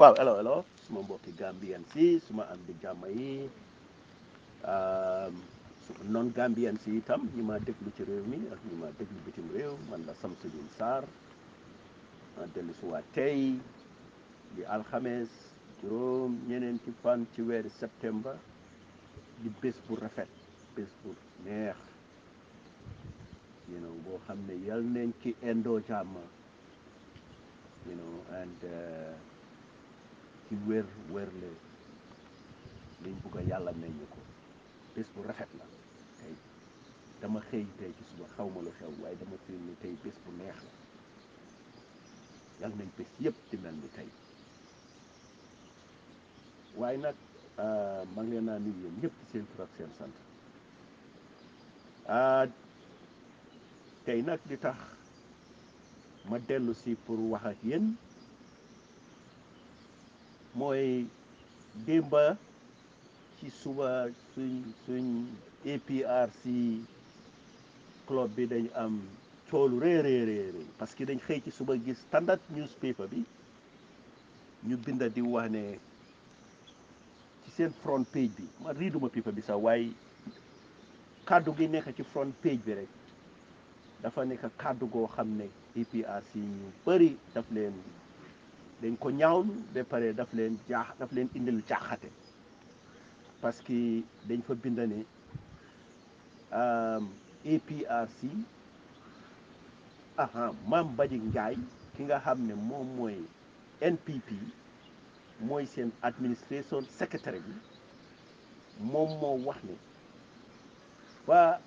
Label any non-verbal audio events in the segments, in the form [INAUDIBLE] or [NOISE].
hello, hello alors buat ke gambian si semua um, am di jàmm non gambian si tam ni mah dek lu réew mi ni mah dek lu bikin réew man sam suñu saar ma dellu di tey di alxames juróom nyenen fan ci di septembre di bés bu rafet bés bu you know boo xam ne yal nañ ci endo jàmm you know and uh, ci wér wér leen liñ bugg yàlla may ñu ko bés bu rafet la tey dama xëy tey ci suba xaw ma lu xew waaye dama fiir ni tey bés bu neex la yàlla nañ bés yëpp di mel ni tey waaye nag euh, ma ngi leen naa nuyu yéen ñëpp seen tur ak seen sant euh, tey nag di tax ma dellu si pour wax ak yéen mooy démba ci suba suñ suñ APRC club bi dañ am coolu rëy rëy rëy parce que dañ xëy ci suba gis standard newspaper bi ñu binda di wax ne ci seen front page bi ma riiduma paper bi sax waaye kàddu gi nekk ci front page bi rek dafa nekk kàddu goo xam ne APRC ñu bëri daf leen dañ ko ñaawlu ba daf leen jaax daf leen indil jaaxate parce que dañ fa bindane ne euh, APRC aha ah, Mame Badji ki nga xam ne moom mooy NPP mooy seen administration secrétaire bi moom moo wax ne waa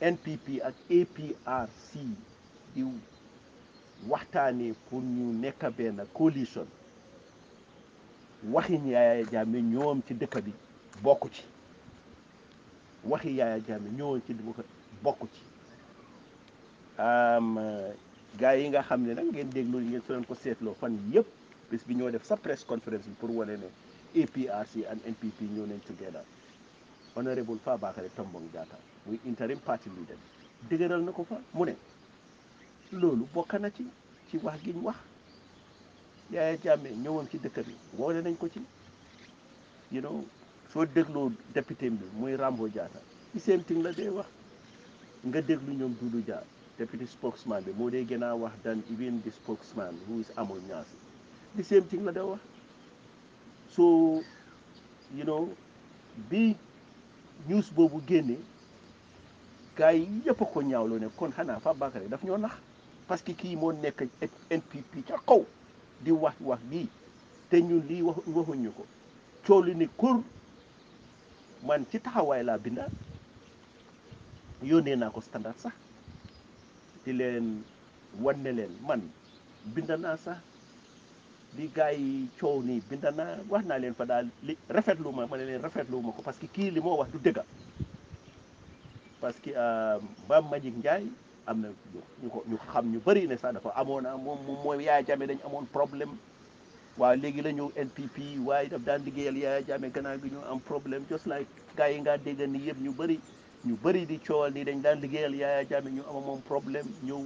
NPP ak APRC di waxtaanee pour ñu nekk benn coalition waxi Yaya Jammeh ñoom ci dëkk bi bokk ci waxi Yaya Jammeh ñoom ci dëkk bokk ci euh, gars yi nga xam ne nag ngeen déglu ngeen su leen ko seetloo fan yëpp bés bi ñoo def sa press conference bi pour wane ne APRC and NPP ñoo nañ together honorable Fabakary Tombong Jatta muy interim party leader dëgëral na ko fa mu ne loolu bokk na ci ci wax gi ñu wax Yaya Jammeh ñëwoon ci dëkk bi woone nañ ko ci you know soo dégloo député bi muy Rambo Diatta ci same thing la dee wax nga déglu ñoom Doudou Dia député spokesman bi moo dee gën a wax dan even the spokesman who is Amon Niasse the same thing la dee wax so you know bi news boobu génne gars yi yëpp a ko ñaawloo ne kon xanaa Fabakary daf ñoo nax parce que kii moo nekk NPP ca kaw di wax wax lii te ñun lii wax waxuñu ko coolu ni kur man ci taxawaay laa binda yónnee naa ko standard sax di leen wan leen man binda naa sax li gars yi coow ni binda naa wax naa leen fa daal li rafetlu ma ma ne leen rafetlu ma ko parce que kii li moo wax du dëgga parce que euh, Mame Magic Njie am na ñu ko ñu xam ñu bëri ne sax dafa amoon na ah, moom moom mooy Yaya Jammeh dañ amoon problème waaye léegi la ñëw NPP waaye daf daan liggéeyal Yaya Jammeh gannaaw gi ñu am problème just like gars yi ngaa dégg ni yëpp ñu bëri ñu bëri di coowal ni dañ daan liggéeyal Yaya Jammeh ñu ama moom problème ñëw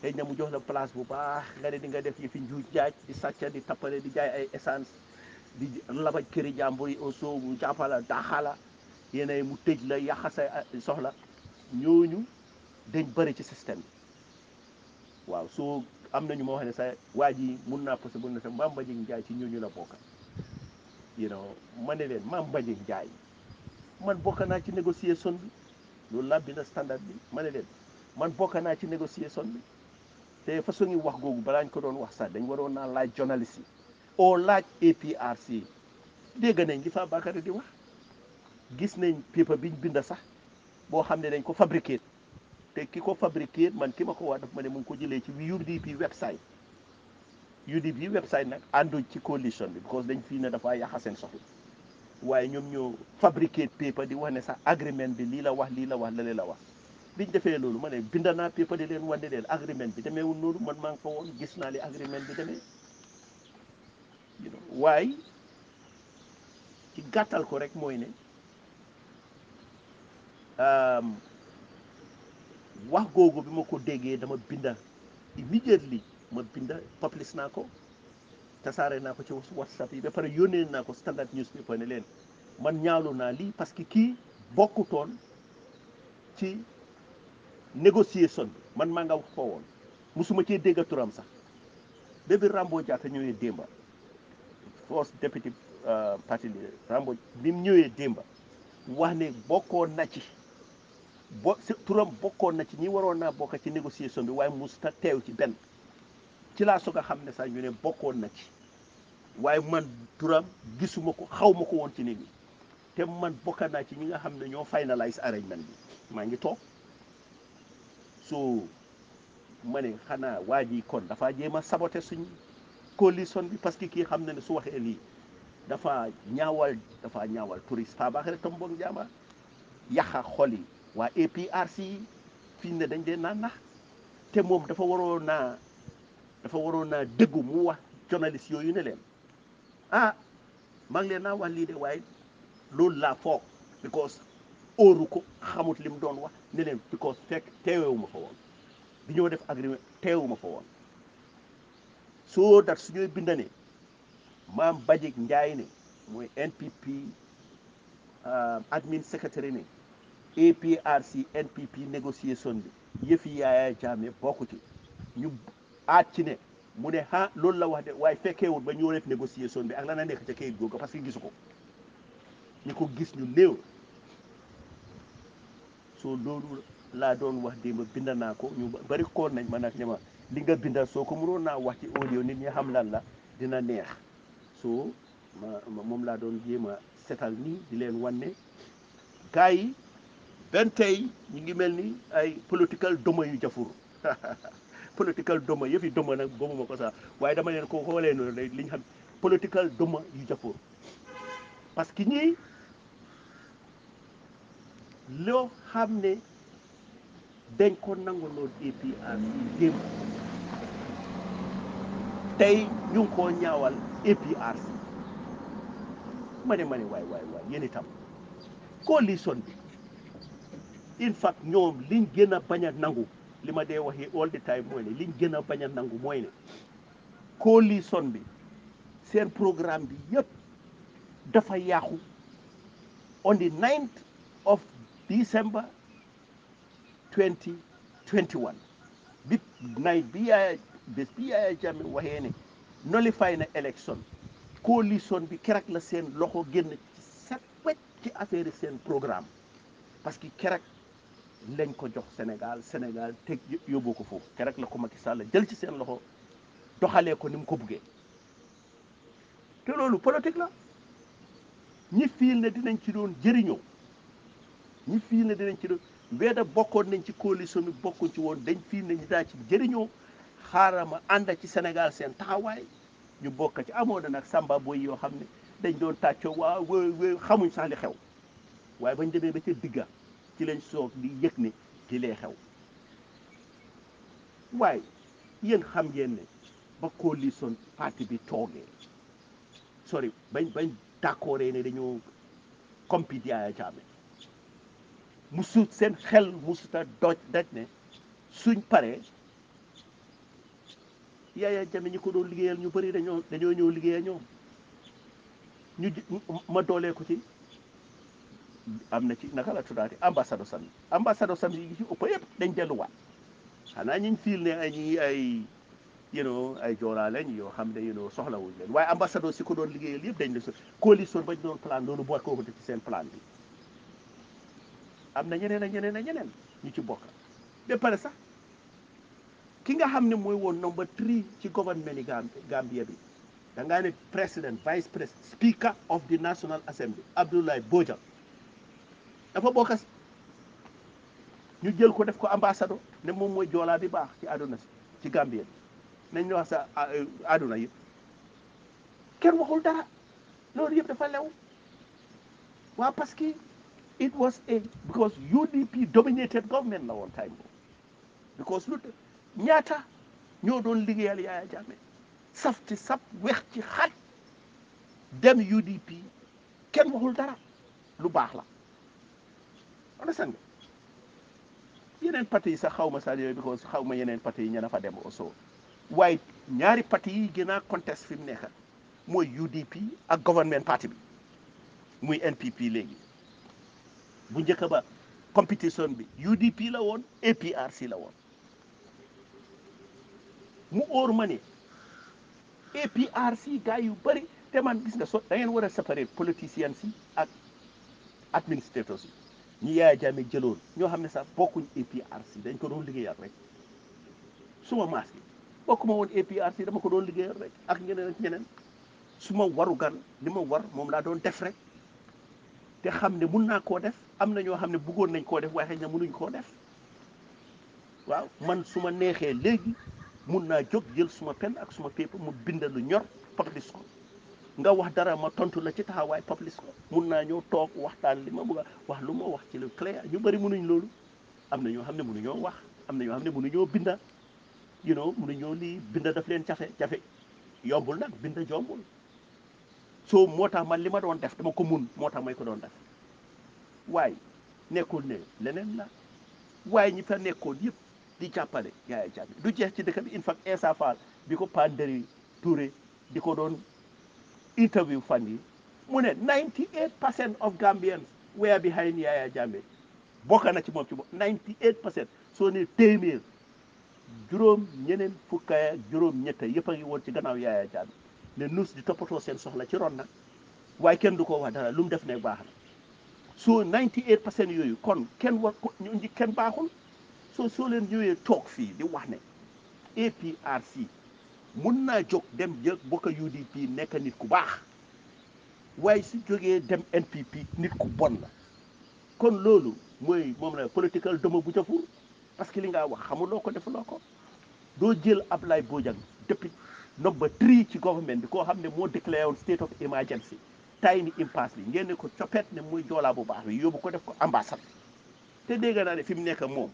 xëy na mu jox la place bu baax nga ne di nga def yi fi njuuj jaaj di sàcca di tappale di jaay ay essence di labaj këri jàmbur yi aussi mu jàppala daxala yéen mu tëj la yàq sa ah, soxla ñooñu dañ bari ci système bi waaw soo am nañu moo xam ne sa waa ji mun naa posé mun na sa maam Mbagnick Ndiaye ci ñooñu la bokk you know ma ne leen maam Mbagnick Ndiaye man bokk naa ci négociation bi loolu laa bind standard bi ma ne man bokk naa ci négociation bi te façon ngi wax googu balaa ñu ko doon wax sax dañ waroon naa laaj journaliste yi oo laaj APRC dégg nañ li fa Bakary di wax gis nañ bi biñ binda sax boo xam ne dañ ko fabriqué te ki ko fabriqué man ki ma ko wax daf ma ne mu ngi ko jëlee ci UDP website UDP website nag ànduñ ci coalition bi because dañ fii ne dafa yàqa seen soxla waaye ñoom ñoo fabriqué paper di wax ne sax agreement bi lii la wax lii la wax la lee la wax biñ defee loolu ma ne binda naa paper di leen wane leen agreement bi demeewul noonu man maa ngi fa woon gis naa li agreement bi demee waaye ci gàttal ko rek mooy ne um, wax googu bi ma ko déggee dama binda immediately ma binda publish naa ko tasaare naa ko ci whatsapp yi ba pare yónnee naa ko standard newspaper ne leen man ñaawlu naa lii parce que kii bokkutoon ci négociation bi man maa nga wax ko woon musuma cee dégg turam sax bébi Rambo Jatta ñëwee démba first deputy uh, party leader Rambo bi mu ñëwee démba wax ne bokkoon na ci bo turam bokkoon na ci ñi waroon naa bokk ci négociation bi waaye musta teew ci benn ci laa soog a xam ne sax ñu ne bokkoon na ci waaye man turam gisuma ko xaw ko woon ci nit ñi te man bokk naa ci ñi nga xam ne ñoo finalise arrangement bi maa ngi toog soo ma ne xanaa waa ji kon dafa jéem a saboté suñ coalition bi parce que kii xam na ne su waxee lii dafa ñaawal dafa ñaawal touriste paa baax rek tam boog jaama yàqa xol yi waa APRC fii ne dañ dee naan te moom dafa waroon naa dafa waroon naa déggu mu wax journaliste yooyu ne leen ah maa ngi leen naa wax lii de waaye loolu laa foog because óoru ko xamut li mu doon wax ne leen because fekk ma fa woon bi ñoo def agreement teewuma fa woon soo dat su ñooy binda ne maam Bajik Njaay ne mooy NPP euh, admin secretary ne APRC NPP négociation bi yëf yi Yaya Jammeh ci ñu aat ci ne mu ne ah loolu la wax de waaye fekkeewul ba ñoo def négociation bi ak la na nekk ca kayit googu parce que gisu ko gis ñu néew soo loolu laa doon wax démb bind naa ko ñu nañ man ak ña ma bindal soo ko mënoon naa wax ci audio nit xam lan la dina neex soo moom laa doon jéem a setal nii di leen wan ne benn tey ñu ngi mel ni ay political doma yu jafur [LAUGHS] political doma yi doma nag boobu ma ko sax waaye dama leen ko xoolee noonu la li ñu xam political doma yu jafur parce que ñii loo xam ne dañ ko nangandoo depuis à démb tey ñu ko ñaawal APRC ma ne ma ne waay waay waay yéen itam coalition bi in fact ñoom liñ gën a bañ nangu li ma dee waxi all the time mooy ne liñ gën a bañ nangu mooy ne coalition bi seen programme bi yëpp dafa yàqu on the 9th of December 2021 bi night bi yaaya bés bi yaaya jàmme waxee ne nolify na élection coalition bi keroog la seen loxo génn ci set wecc ci affaire seen programme parce que keroog lañ ko jox Sénégal Sénégal teg yóbboo ko foofu te rek la ko Macky Sall jël ci seen loxo doxalee ko ni mu ko buggee te loolu politique la ñi fiil ne dinañ ci doon jëriñoo ñi fiil ne dinañ ci doon weeda bokkoon nañ ci coalition bi bokkuñ ci woon dañ fiil ne ñu daa ci jëriñoo xaaral ma ànd ci Sénégal seen taxawaay ñu bokk ci amoon na nag samba yoo xam ne dañ doon tàccoo waaw xamuñ sax xew waaye bañ demee ba ca digga ci lañ soog di yëg ne di lee xew waaye yéen xam ngeen ne ba Colley Son parti bi toogee sori bañ bañ d'accord ne dañoo compiti Yaya Jammeh musut seen xel musuta doj daj ne suñ paree Yaya Jammeh ñi ko doon liggéeyal ñu bari dañoo ñëw liggéeyal ñoom ñu ma doolee ko ci am na ci naka la tuddaati ambassado sam ambassado sam yi ci ëpp yëpp dañ delluwaat xanaa ñu ngi fiil ne ay ñi ay you know ay joolaa yoo xam ne you know soxlawuñ leen waaye ambassado si ko doon liggéeyal yëpp dañ la so coalition bañ doon plan loolu boo ko ci seen plan bi am na ñeneen a ñeneen a ñeneen ñu ci bokk ba pare sax ki nga xam ne mooy woon number three ci gouvernement yi Gambia bi da ngaa ne président vice président speaker of the national assembly Abdoulaye Bojang dafa bokkas ñu jël ko def ko ambassado ne moom mooy joolaa bi baax ci àdduna si ci Gambie nañ ñu wax sa àdduna yëpp kenn waxul dara loolu yëpp dafa lew waa parce que it was a because UDP dominated government la woon time boobu because lu ñaata ñoo doon liggéeyal Yaya Jammeh saf ci sap weex ci xat dem UDP kenn waxul dara lu baax la understand nga yeneen parti yi sax xaw ma sax yooyu because xaw ma yeneen parti yi ñena fa dem aussi waaye ñaari parti yi gën a contest fi mu nekka mooy UDP ak government party bi muy NPP léegi bu njëkk ba competition bi UDP la woon APRC la woon mu óor ma ne APRC gars yu bëri te man gis nga so da ngeen war a séparer politiciens yi ak administrateurs yi ñu yaay jaame jëloon ñoo xam ne sax bokkuñ APRC dañ ko doon liggéeyal rek suma maas gi bokkuma woon APRC dama ko doon liggéeyal rek ak ñeneen ak ñeneen su ma waru gan li ma war moom laa doon def rek te xam ne mun naa koo def am na ñoo xam ne bëggoon nañ koo def waaye xëy na munuñ koo def waaw man su ma neexee léegi mun naa jóg jël suma pen ak suma paper mu bindal lu ñor publish ko nga wax dara ma tontu la ci taxawaay public mun naa ñëw toog waxtaan li ma bëgg wax lu ma wax ci lu clair ñu bëri mënuñ loolu am na ñoo xam ne mënuñoo wax am na ñoo xam ne mënuñoo binda you know mënuñoo lii binda daf leen jafe jafe yombul nag binda jombul soo moo tax man li ma doon def ma ko mun moo tax may ko doon def waaye nekkul ne leneen la waaye ñi fa nekkoon yëpp di jàppale yaay du jeex ci dëkk bi in fact Essa bi ko Paa Nderi Touré di ko doon. interview fan yi mu ne 98 percent of Gambians were behind Yaya Jammeh bokk na ci moom ci moom 98 percent soo ne téeméer juróom ñeneen fukk ak juróom ñett yëpp a woon ci gannaaw Yaya Jammeh ne nous di toppatoo seen soxla ci ron nag waaye kenn du ko wax dara lu mu def ne baax na soo 98 percent yooyu kon kenn war kenn baaxul soo soo leen ñëwee toog fii di wax ne APRC. mun naa jóg dem jël bokk UDP nekk nit ku baax waaye si jógee dem NPP nit ku bon la kon loolu mooy moom la political doma bu jafur parce que li nga wax xam xamuloo ko defuloo ko doo jël ab Ablaye Bojang depuis number three ci government di koo xam ne moo déclaré woon state of emergency tay ni impasse bi ngeen ne ko coppet ne mooy joolaa bu baax bi yóbbu ko def ko ambassade te dégg naa ne fi mu nekk moom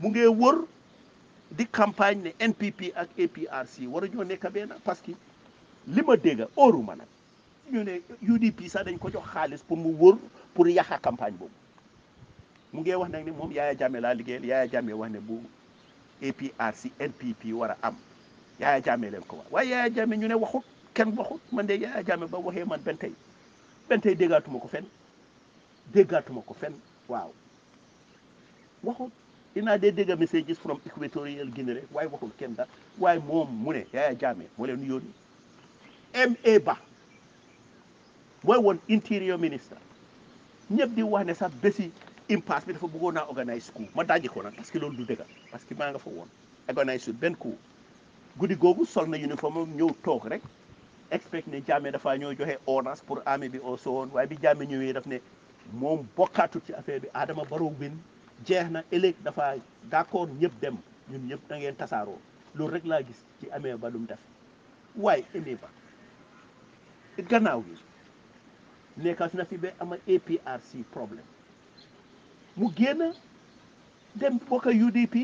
mu ngee wër di campagne ne NPP ak APRC war a ñoo ne benn parce que li ma dégg óoru ma nag ñu ne UDP sax dañ ko jox xaalis pour mu wóor pour yàq campagne boobu mu ngee wax nag ni moom Yaya Jammeh laa liggéeyal Yaya Jammeh wax ne bu APRC NPP war a am Yaya Jammeh leen ko wax waaye Yaya Jammeh ñu ne waxut kenn waxut man de Yaya Jammeh ba waxee man benn tey benn tey déggaatuma ko fenn déggaatuma ko fen waaw waxut dinaa dee dégg messages from Equatorial Guinea rek waaye waxul kenn daal waaye moom mu ne Yaya Jammeh moo leen yónni MA Bah mooy woon interior minister ñëpp di wax ne sax bési impasse bi dafa bëggoon naa organise coup ma daaji ko nag parce que loolu du dëgg parce que maa nga fa woon organise su benn coup guddi googu sol na uniform. am ñëw toog rek expect ne Jammeh dafaa ñëw joxe ordres pour armée bi oo so woon waaye bi Jammeh ñëwee daf ne moom bokkaatut ci affaire bi Adama Barrow win jeex na ëllëg dafa d'accord ñëpp dem ñun ñëpp da ngeen tasaaroo loolu rek laa gis ci amee ba lu mu def waaye amee ba gannaaw gi nekkas na fi ba ama APRC problème mu génn dem bokk UDP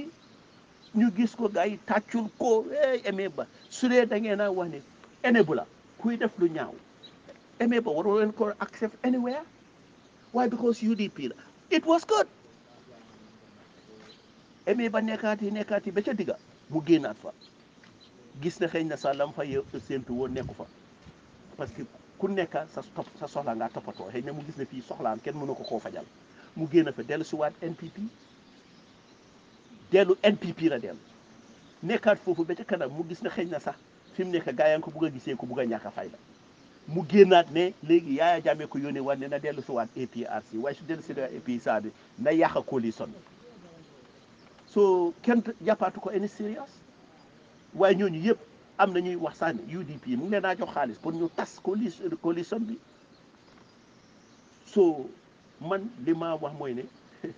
ñu gis ko gars yi tàccul ko hey amee ba su dee da ngeen a wax ne ene bu la kuy def lu ñaaw amee ba waroo leen ko accept anywhere why because UDP la it was good. eme ba nekkaati nekkaati ba ca digga mu génnaat fa gis na xëy na sax lam fa séentu woon nekku fa parce que ku nekka sa topp sa soxla ngaa toppatoo xëy na mu gis ne fii soxlaam kenn mënu ko koo fajal mu génn fa dellu si waat NPP dellu NPP la dellu nekkaat foofu ba ca kanam mu gis ne xëy na sax fi mu nekk gaa yaa ko bugg a gisee ko bugg a ñàkk a fay la mu génnaat ne léegi Yaya Jammeh ko yónnee waat ne na dellu si waat APRC waaye si dellu si waat APRC bi na yàq coalition bi so kenn jàppaatu ko any serious waaye ñooñu yëpp am na ñuy wax sànni UDP mu ngi leen naa jox xaalis pour ñu tas coalition bi so man li ma wax mooy ne [LAUGHS]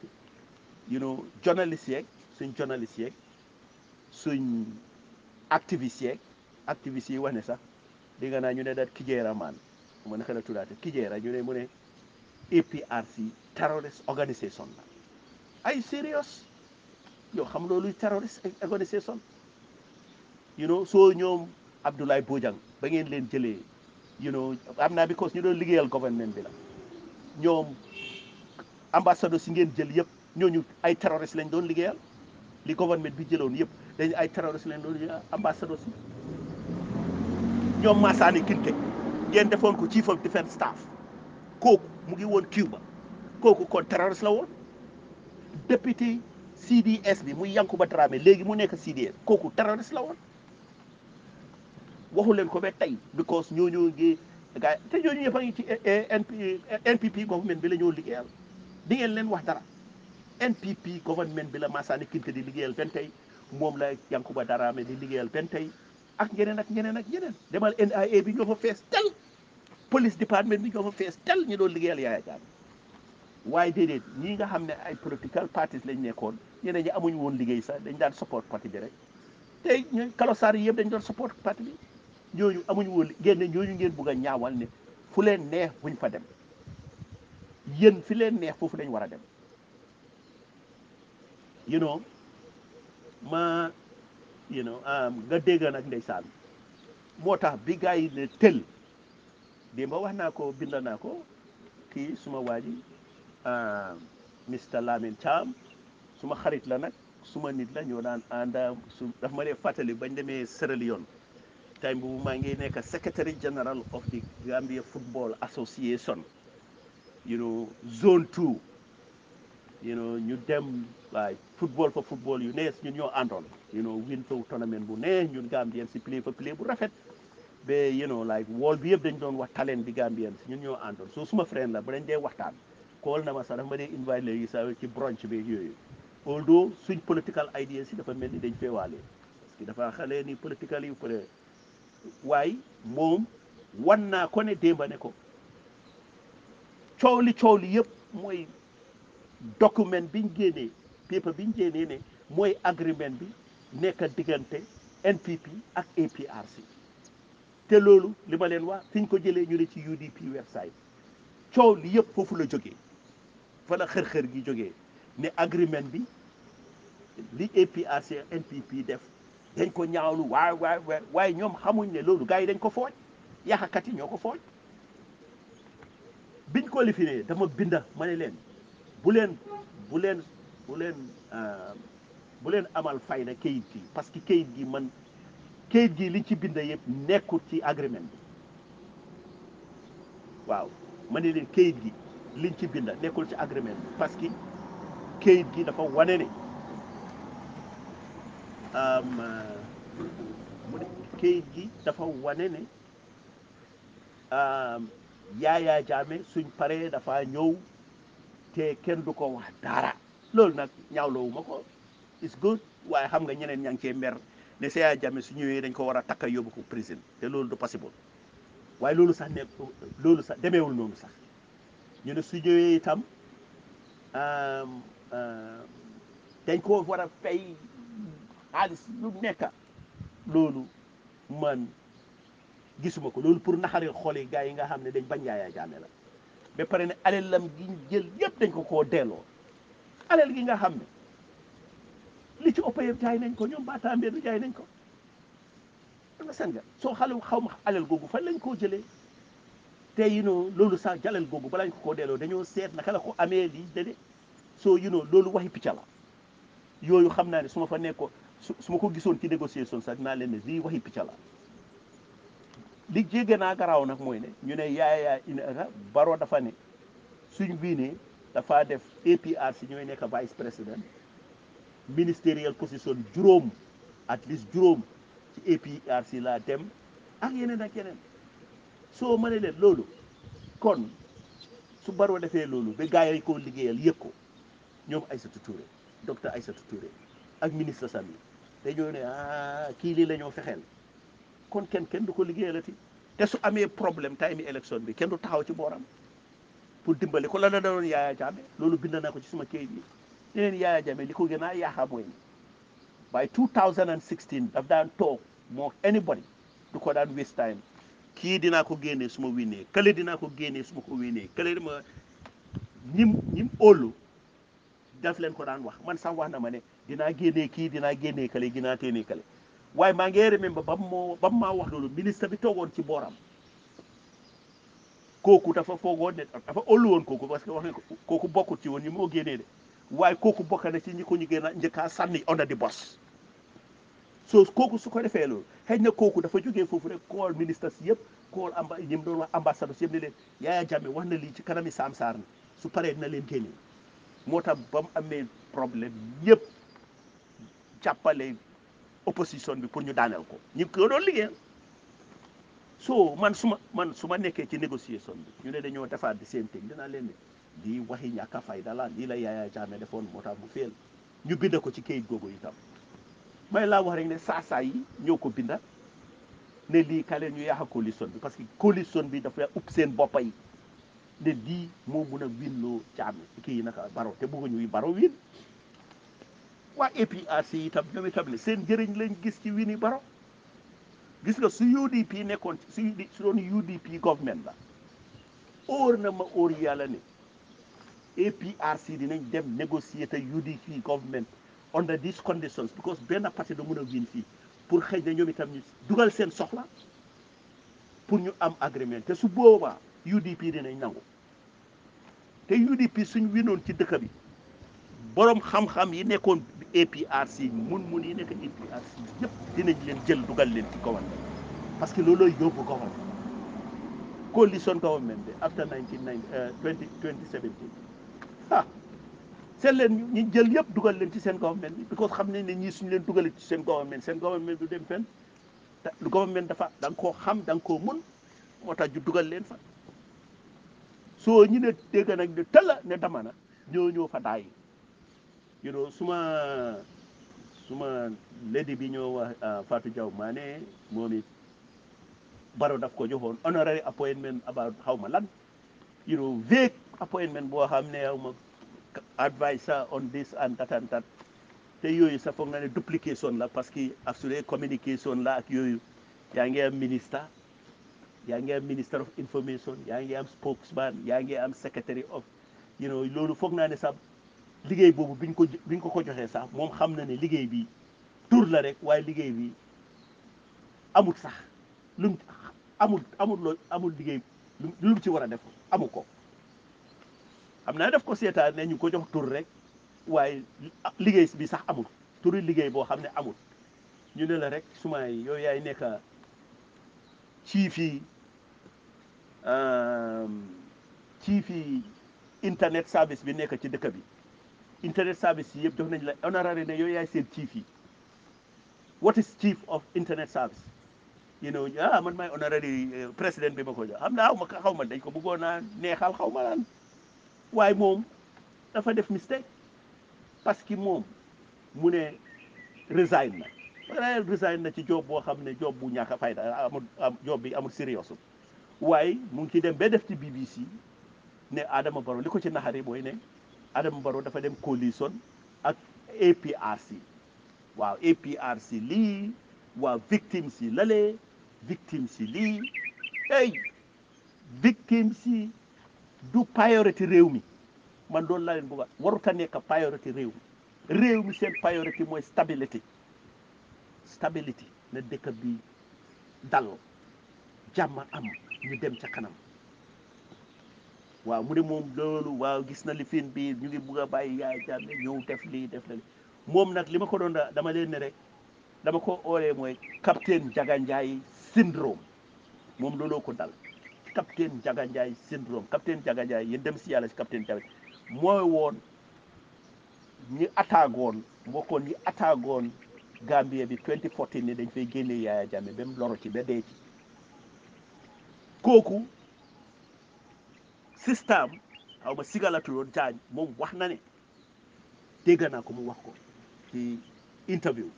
you know journaliste yeeg suñ journaliste yeeg suñ activiste yeeg activiste yi wax ne sax dégg naa ñu ne daal Kijera man ma naka la tuddaate Kijera ñu ne mu ne APRC terrorist organisation la ay serious yow xam loolu terroriste organisation you know soo ñoom Abdoulaye Bojang ba ngeen leen jëlee you know am naa because ñu doon liggéeyal gouvernement bi la ñoom ambassadeur si ngeen jël yëpp ñooñu ay terroriste lañ doon liggéeyal li gouvernement bi jëloon yëpp dañ ay terroriste lañ doon ambassadeur si ñoom Massaani Kinte ngeen defoon ko chief of defence staff kooku mu ngi woon Cuba kooku ko terroriste la woon député CDS bi muy ba Dramé léegi mu nekk CDS kooku terroriste la woon waxu leen ko be tey because ñooñu ngi gars te ñooñu ñëpp a ngi ci NPP government bi la ñoo liggéeyal di ngeen leen wax dara NPP government bi la Massané Kinte di liggéeyal benn tey moom la Yankuba Dramé di liggéeyal benn tey ak ñeneen ak ñeneen ak ñeneen demal a bi ñoo fa fees tel police département bi ñoo fa fees tel ñu doon liggéeyal Yaya Jammeh waaye déedéet ñii nga xam ne ay political parties lañ nekkoon ñeneen ñi amuñu woon liggéey sax dañ daan support parti bi rek tey yëpp dañ doon support parti bi ñooñu amuñu woon ngeen ne ñooñu ngeen bugg ñaawal ne fu leen neex buñ fa dem yéen fi leen neex foofu lañ war a dem you know ma you know nga dégg nag ndeysaan moo tax bi gars yi ne tël démb wax naa ko bind naa ko kii suma waa ji Euh, Mr Lamine Thiam suma xarit la nag suma nit la ñoo daan ànda su daf ma dee fàttali bañ demee Sierra Leone tey boobu maa ngi nekk secretary general of the Gambia Football Association you know zone two you ñu dem waay football fa football yu nees ñun ñoo àndoon you know win tournament bu neex ñu Gambien si play fa play bu rafet ba you know like wool bi yëpp dañ doon wax talent bi Gambien si ñun ñoo àndoon so suma friend la ba dañ dee waxtaan call na ma sax dafa ma dee invite léegi saa ci brunch bi yooyu although suñ political ideas yi dafa mel ni dañ feewaale parce que dafa xale ni political yi peut waaye moom wan naa ko ne démba ko coow li coow li yëpp mooy document biñ génnee paper biñ génnee ne mooy agreement bi nekk diggante NPP ak APRC te loolu li ma leen wax fiñ ko jëlee ñu ne ci UDP website coow li yëpp foofu la jógee fa la xër-xër gi jógee ne agreement bi li APRC NPP def dañ ko ñaawlu waay waay waay waaye ñoom xamuñ ne loolu gars yi dañ ko fooj yàqkat yi ñoo ko fooj biñ ko lifinee dama binda ma ne leen bu bu leen bu leen bu leen euh, amal fayda kayit gi parce que kayit gi man kayit gi li ci bind yëpp nekkul ci agreement bi waaw ma ne kayit gi liñ ci bind nekkul ci agrément parce que kayit gi dafa wane ne euh, mu ne kayit gi dafa wane ne yaayaa jaame suñ paree dafa ñëw te kenn du ko wax dara loolu nag ñaawloowu ma ko is good waaye xam nga ñeneen ñaa ngi cee mer ne sa yaaya jaame su ñëwee dañ ko war a takka yóbbu ko prison te loolu du possible waaye loolu sax ne loolu sax demeewul noonu sax ñu si su ñëwee itam euh, euh, dañ ko war a fay xaalis lu nekka loolu man gisuma ko loolu pour naxaree xool yi gars yi nga xam ne dañ bañ Yaya Jammeh la ba pare ne alelam gi ñu jël yëpp dañ ko koo delloo alel gi nga xam ne li ci ëpp yëpp jaay nañ ko ñoom Bata Mbédou jaay nañ ko. nga seen soo xale xaw ma alel googu fan lañ koo jëlee. te you know loolu sax jaleel googu balaa ñu ko koo delloo dañoo seet naka la ko amee lii dédé soo you know loolu waxi picca la yooyu xam naa ne su ma fa nekkoon su su ma ko gisoon ci négociation sax naa leen ne lii waxi picca la li jéggi naa garaaw nag mooy ne ñu ne yaayaa ina baro dafa ne suñ wiinee dafa def APRC ñooy nekk vice président ministériel position juróom at least juróom ci APRC laa dem ak yeneen ak yeneen soo mënee leen loolu kon su Barrow defee loolu ba gars yi koo liggéeyal yëg ko ñoom Aïssatou Touré docteur Aïssatou Touré ak ministre Sami dañoo ne ah kii lii la fexeel kon kenn kenn du ko liggéeyalati te su amee problème time élection bi kenn du taxaw ci booram pour dimbali ko la la doon Yaya Jammeh loolu bind naa ko ci suma kayit yi ne leen Yaya Jammeh li ko gën a yaaxa mooy by 2016 daf daan toog moo anybody du ko daan waste time kii dinaa ko génnee suma ma winee dinaa ko génnee su ma ko winee kële dama ñim ñim óolu daf leen ko daan wax man sax wax na ma ne dinaa génnee kii dinaa génnee kële dinaa waaye maa ngi remember ba moo ba maa wax loolu ministre bi toogoon ci booram kooku dafa foogoon ne dafa óolu woon kooku parce que wax ne kooku bokkut ci woon ñu moo génnee de waaye kooku bokk na ci ñi ko ñu gën a njëkkaa sànni onda di bos soo kooku su ko defee loolu xëy na kooku dafa jógee foofu rek kool ministres si yëpp kool amba ñi mu doon wax ambassadeurs yëpp ne leen Yaya wax na lii ci kanam Sam Sarr na su paree na leen génne moo tax ba mu amee problème yëpp jàppale opposition bi pour ñu daaneel ko ñu ko doon liggéeyal so man su ma man su ma nekkee ci négociation bi ñu ne dañoo defaat di seen thing dinaa leen ne lii waxi ñàkk a fayda la lii la Yaya Jammeh defoon moo tax mu féel ñu bind ko ci kayit googu itam. may laa wax rek ne saasaa yi ñoo ko binda ne lii kale ñu yàq coalition bi parce que coalition bi dafa upp seen boppa yi ne lii moo mun a winloo caami kii naka baro te bëgguñu yi baro win waa APRC itam ñoom itam ne seen njëriñ lañ gis ci wini baro gis nga su UDP nekkoon su su doon UDP government la óor na ma óor yàlla ne APRC dinañ dem négocier te UDP government under these conditions because benn parti da mën a win fii pour xëy na ñoom itam ñu dugal seen soxla pour ñu am agreement te su boobaa UDP dinañ nangu te UDP suñ winoon ci dëkk bi borom xam-xam yi nekkoon APRC mun-mun yi nekk APRC yëpp dinañ leen jël dugal leen ci gouvernement parce que loolooy yóbbu gouvernement coalition government bi after 19 20 2017 ah. seet leen ñu jël yëpp dugal leen ci seen government bi because xam nañ ne ñii suñu leen dugalee ci seen government seen government du dem fenn te government dafa da koo xam da nga koo mun moo tax dugal leen fa soo ñu ne dégg nag ne tëlla ne dama na ñoo fa daay you know suma suma lady bi ñoo wax ah, Fatou Diaw Mané moom it baro daf ko joxoon honorary appointment about xaw ma lan you know vague appointment boo xam ne yow ma advisor on this and that and that te yooyu sa foog nga ne duplication la parce que ak su dee communication la ak yooyu yaa ngi am minister yaa ngi am minister of information yaa ngi am spokesman yaa ngi am secretary of you know loolu foog naa ne sax liggéey boobu biñ ko biñ ko ko joxee sax moom xam na ne liggéey bi tur la rek waaye liggéey bi amul sax lum amul amul loo amul liggéey lu mu ci war a def amu ko xam naa def ko seetaan ne ñu ko jox tur rek waaye liggéey bi sax amul tur liggéey boo xam ne amul ñu ne la rek suma yi yow yaay nekk chief yi euh, chief yi internet service bi nekk ci dëkk bi internet service yi yëpp jox nañ la honorary ne yow yaay seen chief yi what is chief of internet service you know ah man maay honorary euh, président bi ma ko jox xam naa xaw ma xaw ma dañ ko buggoon a neexal xaw ma lan waaye moom dafa def mistake parce que moom mu ne resign na resign na ci job boo xam ne joob bu ñàkk a fayda amul job bi amul sérieux waaye mu ngi ci dem ba def ci BBC ne Adama Barrow li ko ci naxari mooy ne Adama Barrow dafa dem coalition ak APRC waaw APRC lii waa victimes yi lalee victimes yi lii hey victimes du priorité réew mi man doon laa leen bëgg a warut a nekk priorité réew mi réew mi seen priorité mooy stabilité stabilité na dëkk bi dal jàmm am ñu dem ca kanam waaw mu ne moom loolu waaw gis na li fiin bi ñu ngi bugg a yaay jàmme ñëw def lii def la moom nag li ma ko doon dama leen ne dama ko oolee mooy capitaine Jaga Njaay syndrome moom looloo ko dal capitaine Ndiaga Ndiaye syndrome capitaine Ndiaga Ndiaye yéen dem si yàlla si capitaine Ndiaga mooy woon ñi attaagoon mbokkoon ñi attaagoon Gambie bi 2014 ne dañ fay génne Yaya Jammeh ba mu loro ci ba dee ci kooku système xaw ma sigalatuloon jaañ moom wax na ne dégg naa ko mu wax ko ci interview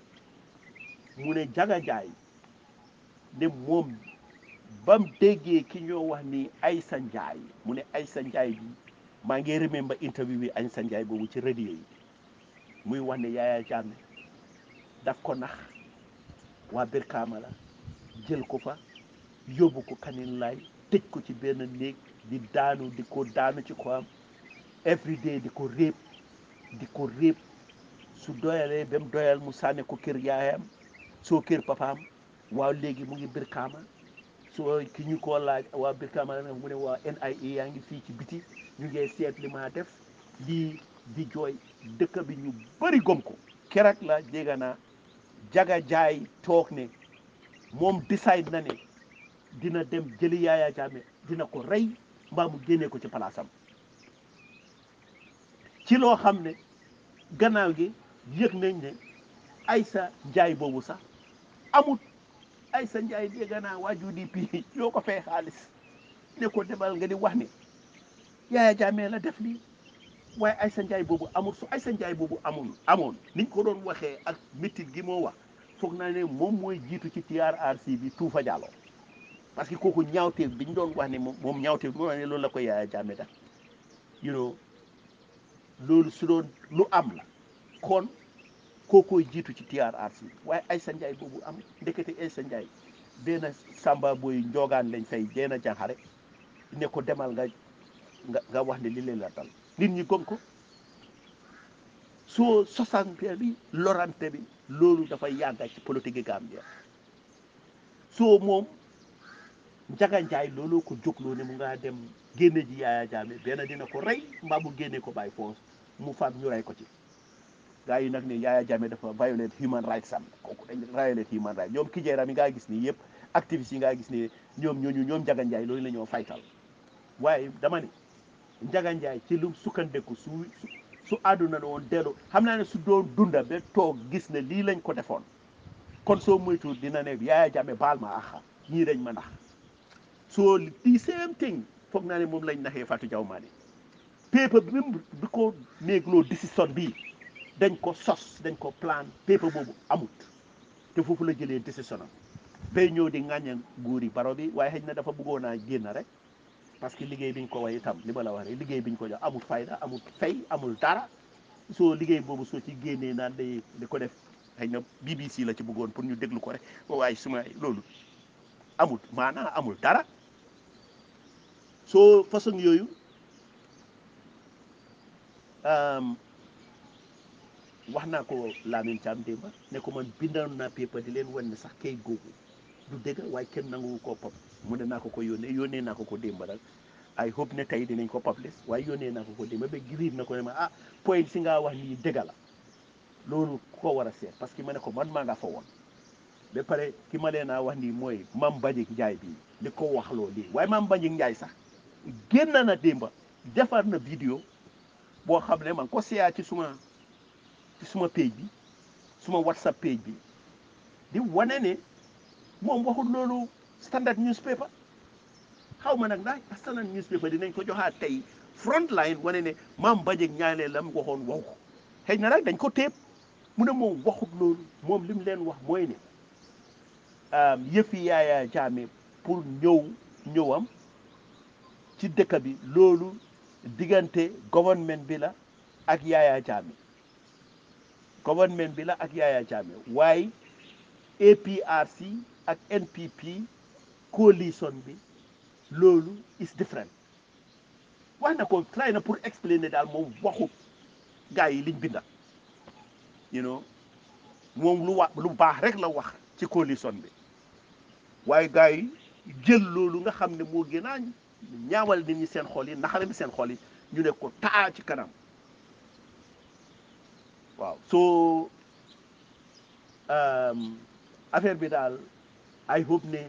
mu ne Ndiaga ne moom bam dege ki ñoo wax ni Aïssa Ndiaye mu ne Aïssa Ndiaye bi maa ngi remember interview bi Aïssa Ndiaye boobu ci radio yi muy wax ne yaaya jàmme daf ko nax waa birkaama la jël ko fa yóbbu ko kanin lay tëj ko ci benn néeg di daanu di ko daanu ci ko am every day di ko réeb di ko réeb su doyalee ba mu doyal mu sànni ko kër yaayam soo kër papaam waaw léegi mu ngi birkaama. soo euh, ki ñu koo laaj waa ne waa NIE yaa ngi fii ci biti ñu ngee seet li maa def lii di jooy dëkk bi ñu bëri gom ko keroog la jéega naa jaga jaay toog ne moom décide na ne dina dem jëli Yaya Jammeh dina ko rey mbaa mu ko ci palaasam ci loo xam ne gannaaw gi yëg nañ ne Aysa Njaay boobu sax amut ay sa njaay dégg naa waa UDP ñoo ko fay xaalis ne ko nga di wax ni a Jammeh la def lii waaye ay sa njaay boobu amul su ay sa njaay boobu amul amoon niñ ko doon waxee ak métit gi moo wax foog naa ne moom mooy jiitu ci TRRC bi Tuufa Jallow parce que kooku ñaawteef bi ñu doon wax ne moom ñaawteef bi ne loolu la ko Yaya Jammeh def you know loolu su doon lu am la kon kookooy jiitu ci TRRC waaye Aïssa Ndiaye boobu am ay sa Ndiaye benn samba booy njoogaan lañ fay deen a jaxare ne ko demal nga nga wax ni li leen la dal nit ñi gom ko soo sosante bi lorante bi loolu dafay yàgga ci politique Gambia soo moom Njaga Njaay looloo ko jógloo ne mu ngaa dem génne ji Yaaya Jammeh benn dina ko rey mbaa mu génne ko bàyyi foos mu faam ñu rey ko ci gaa yi nag ne Yaya Jammeh dafa violate human rights am kooku dañ violate human rights ñoom Kijera mi gis nii yëpp activistes yi ngaa gis ni ñoom ñooñu ñoom Njaga Njaay loolu la ñoo faytal waaye dama ne Njaga Njaay ci lu sukkandeku su su àdduna ne woon dellu xam naa ne su doon dunda ba toog gis ne lii lañ ko defoon kon soo moytu dina ne Yaya Jammeh baal ma axa ñii dañ ma nax soo di same thing foog naa ne moom lañ naxee Fatou Jaw Mane paper bi ko néegloo décision bii dañ ko sos dañ ko plan paper boobu amut te foofu la jëlee décision am bay ñëw di ŋàññe nguur yi baro bi waaye xëy na dafa bëggoon a génn rek parce que liggéey biñ ko way itam li ma la wax rek liggéey biñ ko jox amul fayda amul fay amul dara soo liggéey boobu soo ci génnee naan day di ko def xëy na BBC la ci bëggoon pour ñu déglu ko rek waaye suma loolu amul maanaa amul dara soo façon yooyu. wax naa ko Lamine Thiam démb ne ko man bindoon naa paper di leen wan ne sax kayit googu du dëgg waaye kenn nangu koo pop mu ne naa ko ko yónnee yónnee naa ko ko démb rek ay hope ne tey dinañ ko publish waaye yónnee naa ko ko démb ba giriir na ko ne ma ah si ngaa wax nii dëgg loolu ko war a seet parce que ma ne ko man maa nga fa woon ba pare ki ma leen a wax nii mooy Mame Mbagnick Ndiaye bii li ko wax loo lii waaye Mame Mbagnick Ndiaye sax génn na démba defar na vidéo boo xam ne man ko seeyaa ci suma suma peej bi suma whatsapp peej bi di wane ne moom waxul loolu standard newspaper xaw ma nag ndax standard newspaper dinañ ko joxaat tey front line wane maam Bajeg ñaanee lam waxoon wow ko xëy na nag dañ ko téeb mu ne moom waxut loolu moom li leen wax mooy ne yëfi Yaya Jammeh pour ñëw ñëwam ci dëkk bi loolu diggante government bi la ak Yaya Jammeh government bi la ak Yaya Jammeh waaye APRC ak NPP coalition bi loolu is different wax na ko try na pour explainer daal moom waxu gars yi liñ binda you know moom lu wa lu baax rek la wax ci coalition bi waaye gars yi jël loolu nga xam ne moo gën a ñaawal nit ñi seen xol yi naxare bi seen xol yi ñu ne ko taa ci kanam waaw soo um, affaire bi daal I hope ne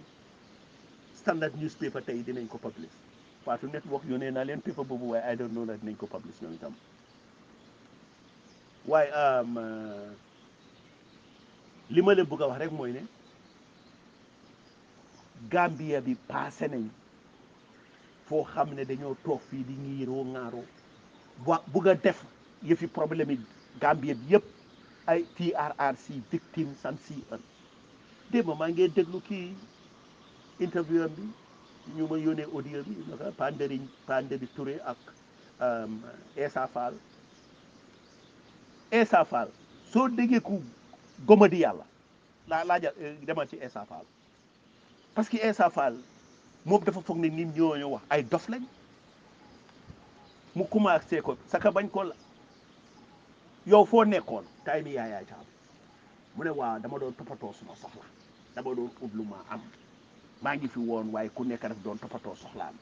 standard newspaper tey dinañ ko publish Fatou Network yónnee naa leen paper boobu waaye I don't know nag dinañ ko publish ñoom itam waaye um, uh, li ma leen bëgg a wax rek mooy ne Gambia bi paase nañ foo xam ne dañoo toog fii di ñiiroo ŋaaroo ba bugg a def yëfi problème yi Gambia bi yëpp ay TRRC victime san si an démb maa ngeen déglu kii interview am ñu ma yónnee audio bi naka Panderi Panderi Touré ak um, Essa Fall soo déggee ku gomadi yàlla laa laaja eh, demal ci Essa parce que Essa moom dafa foog ne nit ñooñu wax ay dof mu commencé ko saka bañ ko yow foo nekkoon tay bi yaayaa caam mu ne waa dama doon toppatoo suma soxla dama doon ut am maa ngi fi woon waaye ku nekk daf doon toppatoo soxlaam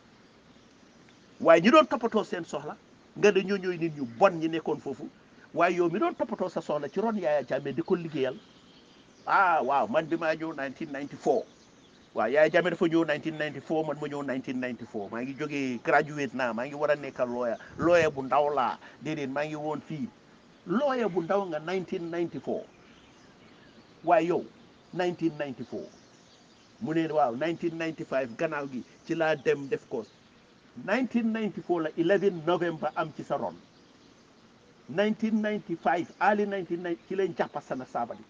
waaye ñi doon toppatoo seen soxla nga ne ñoo ñooy nit ñu bon ñi nekkoon foofu waaye yow mi doon toppatoo sa soxla ci ron yaayaa caam di ko liggéeyal ah waaw man bi maa ñëw 1994 waaw yaay Jammeh dafa ñëw 1994 man ma ñëw 1994 maa ngi jógee graduate naa maa ngi war a nekk looya looya bu ndaw laa déedéet maa ngi fii lawyer bu ndaw nga 1994 waaye yow 1994 mu ne waaw 1995 gannaaw gi ci laa dem def ko 1994 la 11 novembre am ci sa ron 1995 early 1990 ci lañ jàppa sana saabali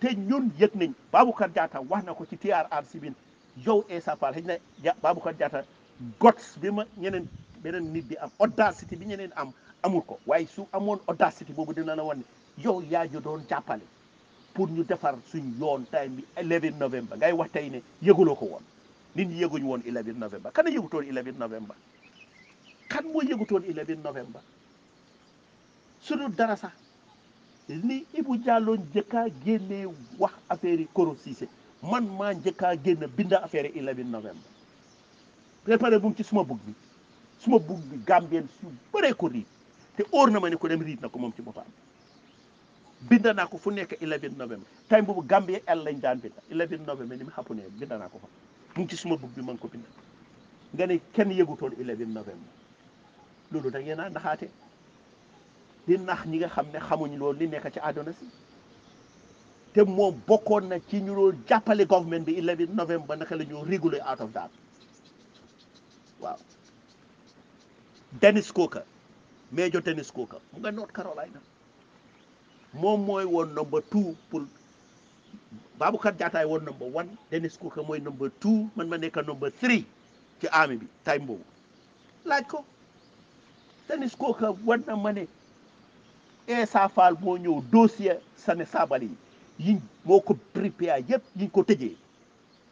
te ñun yëg nañ Baboucarr Jatta wax na ko ci TRRC bi yow Essa Faal xëy na Baboucarr Jatta guts bi ñeneen beneen nit bi am audacity bi ñeneen am amul ko waaye su amoon audacité boobu dina la wan ne yow yaa ñu doon jàppale pour ñu defar suñ yoon time bi 11 novembre ngay wax tey ne yëguloo ko woon nit ñi yëguñu woon 11 novembre kan a yëgutoon 11 novembre kan moo yëgutoon 11 novembre su dul dara sax ni Ibou Diallo njëkkaa génnee wax affaire yi Koro Cissé man maa njëkkaa génn binda affaire yi 11 novembre préparé bu ci suma bug bi suma bug bi Gambien su bëree ko riib te óor na ma ni ko dem riit na ko moom ci boppam bind naa ko fu nekk 11 novembre time bu Gambie el lañ daan bind 11 novembre ni mu xappu ne bind ko fa mu ngi ci suma bug bi ma ngi ko bind nga ne kenn yëgutoon 11 novembre loolu da ngeen a naxaate di nax ñi nga xam ne xamuñ lool li nekk ci àdduna si te moom bokkoon na ci ñu doon jàppale government bi 11 novembre ba naka la ñu réguler out of that waaw Major Dennis Coker mu nga North Carolina moom mooy woon number two pour Baboucarr Jatta woon number one Dennis Coker mooy number two man ma nekk number three ci army bi time boobu laaj ko Dennis Coker war na ma ne Essa Faal moo ñëw dossier Sane Sabally yiñ moo ko prépare yëpp yiñ ko tëjee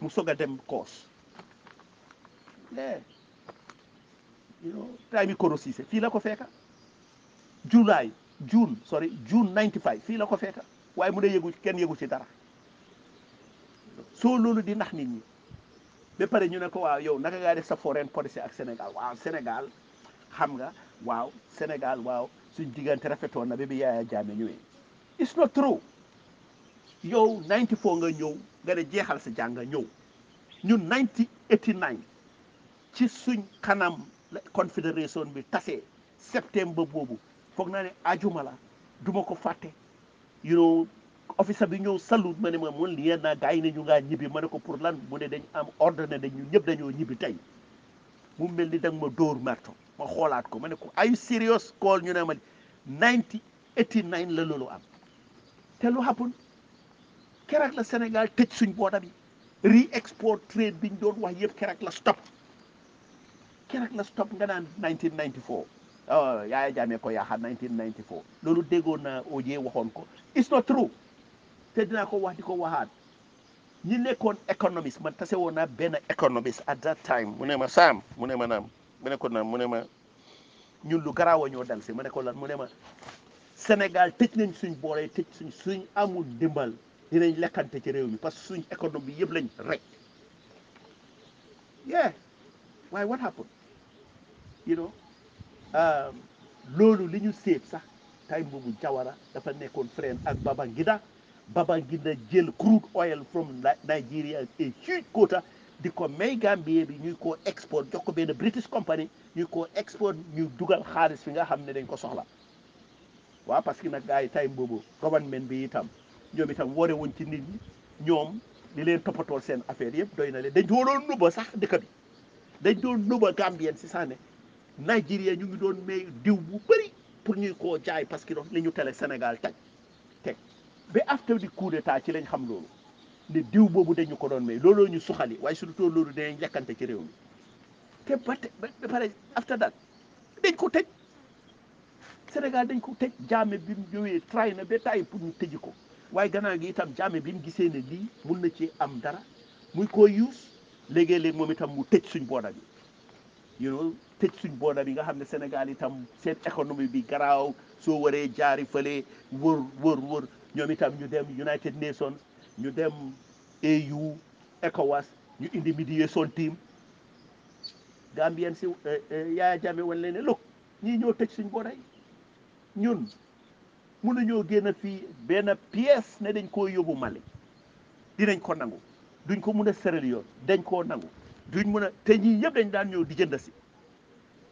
mu soog a dem koos you know time yi Koro Ceesay fii la ko fekka julaay june sorry june 95 fii la ko fekk waaye mu ne yëgu kenn yëgu si dara soo loolu di nax ni ñi ba pare ñu ne ko waaw yow naka ngaa def sa foreign policy ak Sénégal waaw Sénégal xam nga waaw senegal waaw suñ diggante rafetoon na ba bi Yaya Jammeh ñëwee it's not true yow 94 nga ñëw nga ne jeexal sa jàng nga ñëw ñun 1989 ci suñ kanam confédération bi tasee septembre boobu foog naa ne ajuma la du ko fàtte you know officer bi ñëw salut ma ne ma mun lien naa gars yi ne ñu ngaa ñibbi ma ne ko pour lan mu ne dañ am ordre ne dañ ñu ñëpp dañoo ñibbi tey mu mel ni danga ma dóor marto ma xoolaat ko ma ne ko ay serious call ñu ne ma ninety eighty nine la loolu am te lu happen keroog la senegal tëj suñ booda bi re-export trade biñ doon wax yëpp keroog la stop keroog la stop nga naan nineteen ninety four Euh, Yaya Jammeh ko yaaxaat 1994 loolu déggoon na OJ waxoon ko it's not true te dinaa ko wax di ko waxaat ñi nekkoon économiste man tase woon naa benn économiste at that time mu ne ma saam mu ne ma naam mu ne ko mu ne ma ñun lu garaawa ñoo dal si ma ne ko lan mu ne ma senegal tëj nañ suñ boole tëj suñ suñ amul dimbal dinañ lekkante ci réew mi parce que suñ économie bi yëpp lañ rek yeah waaye what happened Um, loolu li ñu séet sax time boobu Jawara dafa nekkoon friend ak Babangida Babangida jël crude oil from Nigeria a huge quota di ko may Gambie bi ñuy koo export jox ko benn British company ñuy koo export ñu dugal xaalis fi nga xam ne dañ ko soxla waaw parce que nag gars yi time boobu government bi itam ñoom itam ware woon ci nit ñi ñoom di leen toppatool seen affaire yëpp doy na leen dañ doon nuba sax dëkk bi dañ doon nuba Gambien si sax ne Nigeria ñu ngi doon may diw bu bëri pour ñu koo jaay parce que li ñu tele senegal taj teg ba after di coup d'état ci lañ xam loolu ne diw boobu dañu ko doon may looloo ñu suxali waaye surtout loolu de njëkkante ci réew mi te ba ba pare after that dañ ko tëj Sénégal dañ ko tëj jaame bi mu ñëwee try na ba taay pour ñu tëji ko waaye gannaaw gi itam jaame bi mu gisee ne lii mun na ci am dara muy ko use léegi-léeg moom itam mu tej suñ booda tëj suñ booda bi nga xam ne Sénégal itam seen économie bi garaaw soo waree jaari fale wër wër wër ñoom itam ñu dem United Nations ñu dem AU ECOWAS ñu indi mediation team Gambien si eh, eh, Yaya Jammeh wan leen ne ñii ñoo tëj suñ booda yi ñun mënuñoo génn fii benn pièce ne dañ ko yóbbu Mali di dinañ ko nangu duñ ko mun a Sierra yoon dañ koo nangu duñ mun a te ñii yëpp dañ daan ñëw di jënd si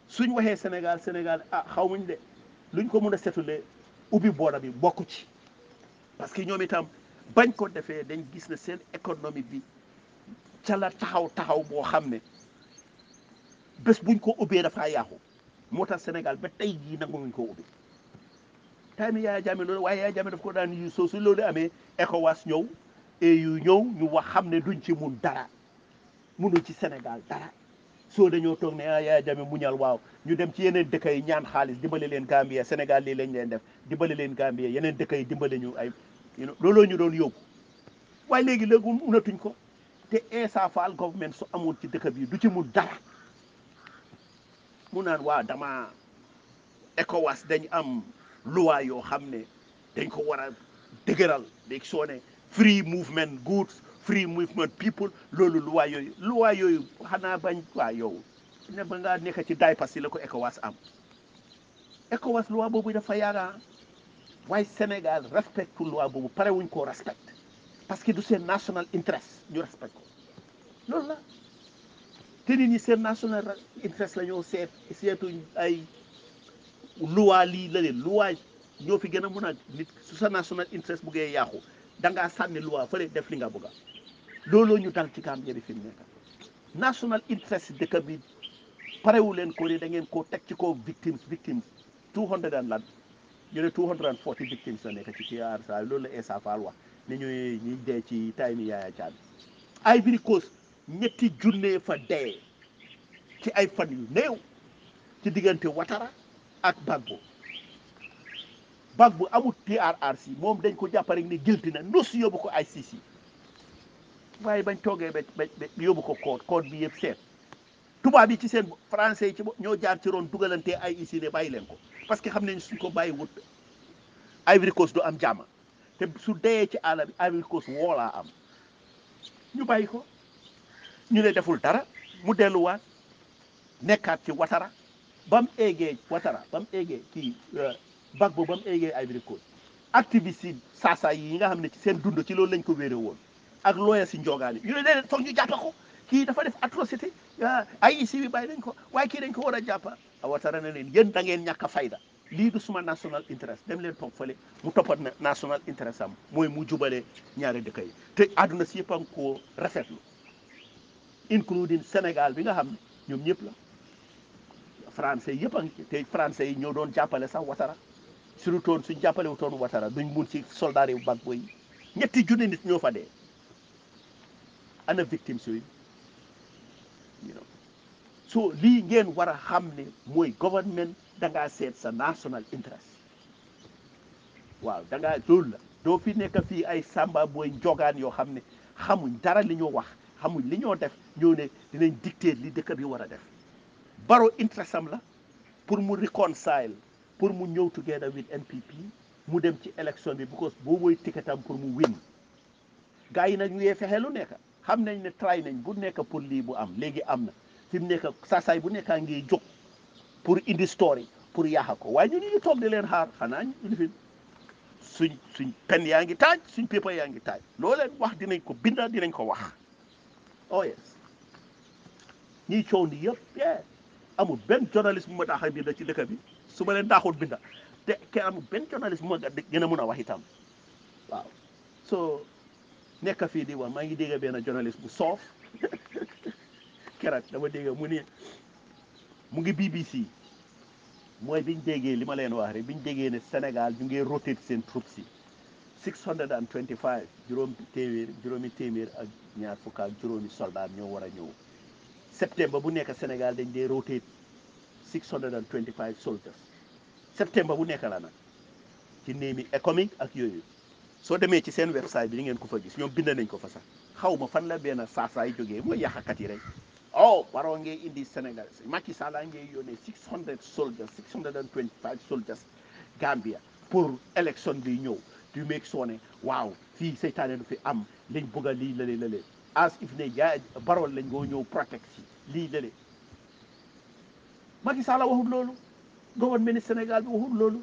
suñ waxee Sénégal Sénégal ah xaw muñ de luñ ko mun a setulee ubbi booda bi bokku ci parce que ñoom itam bañ ko defee dañ gis ne seen économie bi calla taxaw taxaw boo xam ne bés buñ ko ubbee dafaa yàqu moo tax Sénégal ba tey jii nanguwuñ ko ubbi time Yaya Jammeh loolu waaye Yaya Jammeh daf ko daan yu soo su loolu amee ECOWAS ñëw et yu ñëw ñu wax xam ne duñ ci mun dara munu ci Sénégal dara soo dañoo toog ne ah Yaya Jammeh muñal waaw ñu dem ci yeneen dëkk yi ñaan xaalis dimbale leen Gambie Sénégal lii lañ leen def dimbale leen Gambie yeneen dëkk yi dimbale ñu ay looloo ñu doon yóbbu waaye léegi léegi mënatuñ ko te Essa Faal government su amoon ci dëkk bi du ci mu dara mu naan waa dama ECOWAS dañ am loi yoo xam ne dañ ko war a dëgëral léegi soo ne free movement goods free movement people loolu luwaa yooyu luwaa yooyu xanaa bañ waa yow ne ma nekk ci daay parce la ko ECOWAS am ECOWAS luwaa boobu dafa yaaga ah. waaye Sénégal respecte luwaa boobu pare wuñ ko respecte parce que du seen national interest ñu respect ko loolu la te nit ñi seen national interest la seet seetuñ ay luwaa lii la leen luwaa ñoo fi gën a mun a nit su sa national interest buggee yaaxu da ngaa sànni luwaa fële def li nga bëgga looloo ñu dal ci Gambie bi fi mu nekk national interest dëkk bi parewu leen ko ni da ngeen koo teg ci kaw victimes victimes two hundred and lan ñu ne two hundred ci KR saa loolu la Essa ñuy ñuy dee ci tay mi Yaya Jammeh Ivory Coast ñetti junne fa dee ci ay fan yu néew ci diggante Watara ak Bagbo Bagbo amul TRRC moom dañ ko jàpp ni guilty na nus yóbbu ko ICC waaye bañ toogee ba ba yóbbu ko code code bi yëpp seet tubaab yi ci seen français yi ci ñoo jaar ci roon dugalantee ay ici ne leen ko parce que xam nañ suñ ko bàyyi wut Ivory Coast doo am jàmm te su deyee ci àll bi Ivory Coast woolaa am ñu bàyyi ko ñu ne deful dara mu delluwaat nekkaat ci watara ba mu eegee watara ba mu eegee kii euh, bag bo ba mu eegee Ivory Coast activiste yi saasaay yi nga xam ne ci seen dund ci loolu lañ ko wéere woon ak looya si njogaani yu ne leen foog ñu jàppa kii dafa def atrocité ah, ay isi bi bàyyi nañ ko waaye kii dañ ko war a jàppa awatara na leen yéen da ngeen ñàkk a fayda lii du suma national interest dem leen toog fële mu toppat national interest sam mooy mu jubale ñaar dëkk yi te àdduna si yëpp a ngi koo including Sénégal bi nga xam ne ñoom ñëpp la français yëpp a ngi te français yi ñoo doon jàppale sax watara surtout suñ jàppale wutoon watara duñ mun ci soldat yi bag boy ñetti junni ñoo fa ana victime suy you so lii ngeen war a xam ne mooy government dangaa seet sa national interest waaw dangaa loolu la doo fi nekk fii ay samba booy njogaan yoo xam ne xamuñ dara li ñu wax xamuñ li ñoo def ñoo ne dinañ dicter li dëkk bi war a def baro interest la pour mu reconcile pour mu ñëw together with NPP mu dem ci élection bi because boo ticketam pour mu win gars yi nag ñu yee fexe lu nekk xam nañ ne try nañ bu nekk pour lii bu am léegi am na fi mu nekk saasaay bu nekkaa ngi jóg pour indi story pour yaaxa ko waaye ñu ñu ngi toog di leen xaar xanaa ñu fi suñ suñ pen yaa ngi taaj suñ pépa yaa ngi taaj loo leen wax dinañ ko binda dinañ ko wax oh yes ñiy coow ni yëpp e amul benn journaliste bu ma daax a binda ci dëkk bi su ma leen daaxul binda te ke amul benn journaliste bu ma gën a mën a wax itam waaw nekk fii di wax maa ngi dégg benn journaliste bu soof [LAUGHS] keroog dama dégg mu ne mu ngi BBC mooy biñ déggee li ma leen wax rek bi biñ déggee ne senegal ñu ngi rotate seen troupes yi 625 juróom téeméer juróomi téeméer ak ñaar fukk ak juróomi soldat ñëw war a ñëw septembre bu nekk senegal dañ dee rotate 625 soldiers septembre bu nekk la nag ci néemi économique ak yooyu. soo demee ci seen website bi di ngeen ko fa gis ñoom bind ko fa sax xaw ma fan la benn saasaay jógee mooy yàqakat yi rek oh waroo ngay indi Sénégal Macky Sall ngay yónnee 600 soldiers 625 soldiers Gambia pour élection bi ñëw du meeg soo waaw fii seytaane du fi am liñ bëgg a lii lale lale as if lañ ngoo ñëw protect si lii lale Macky Sall loolu gouvernement Sénégal bi waxul loolu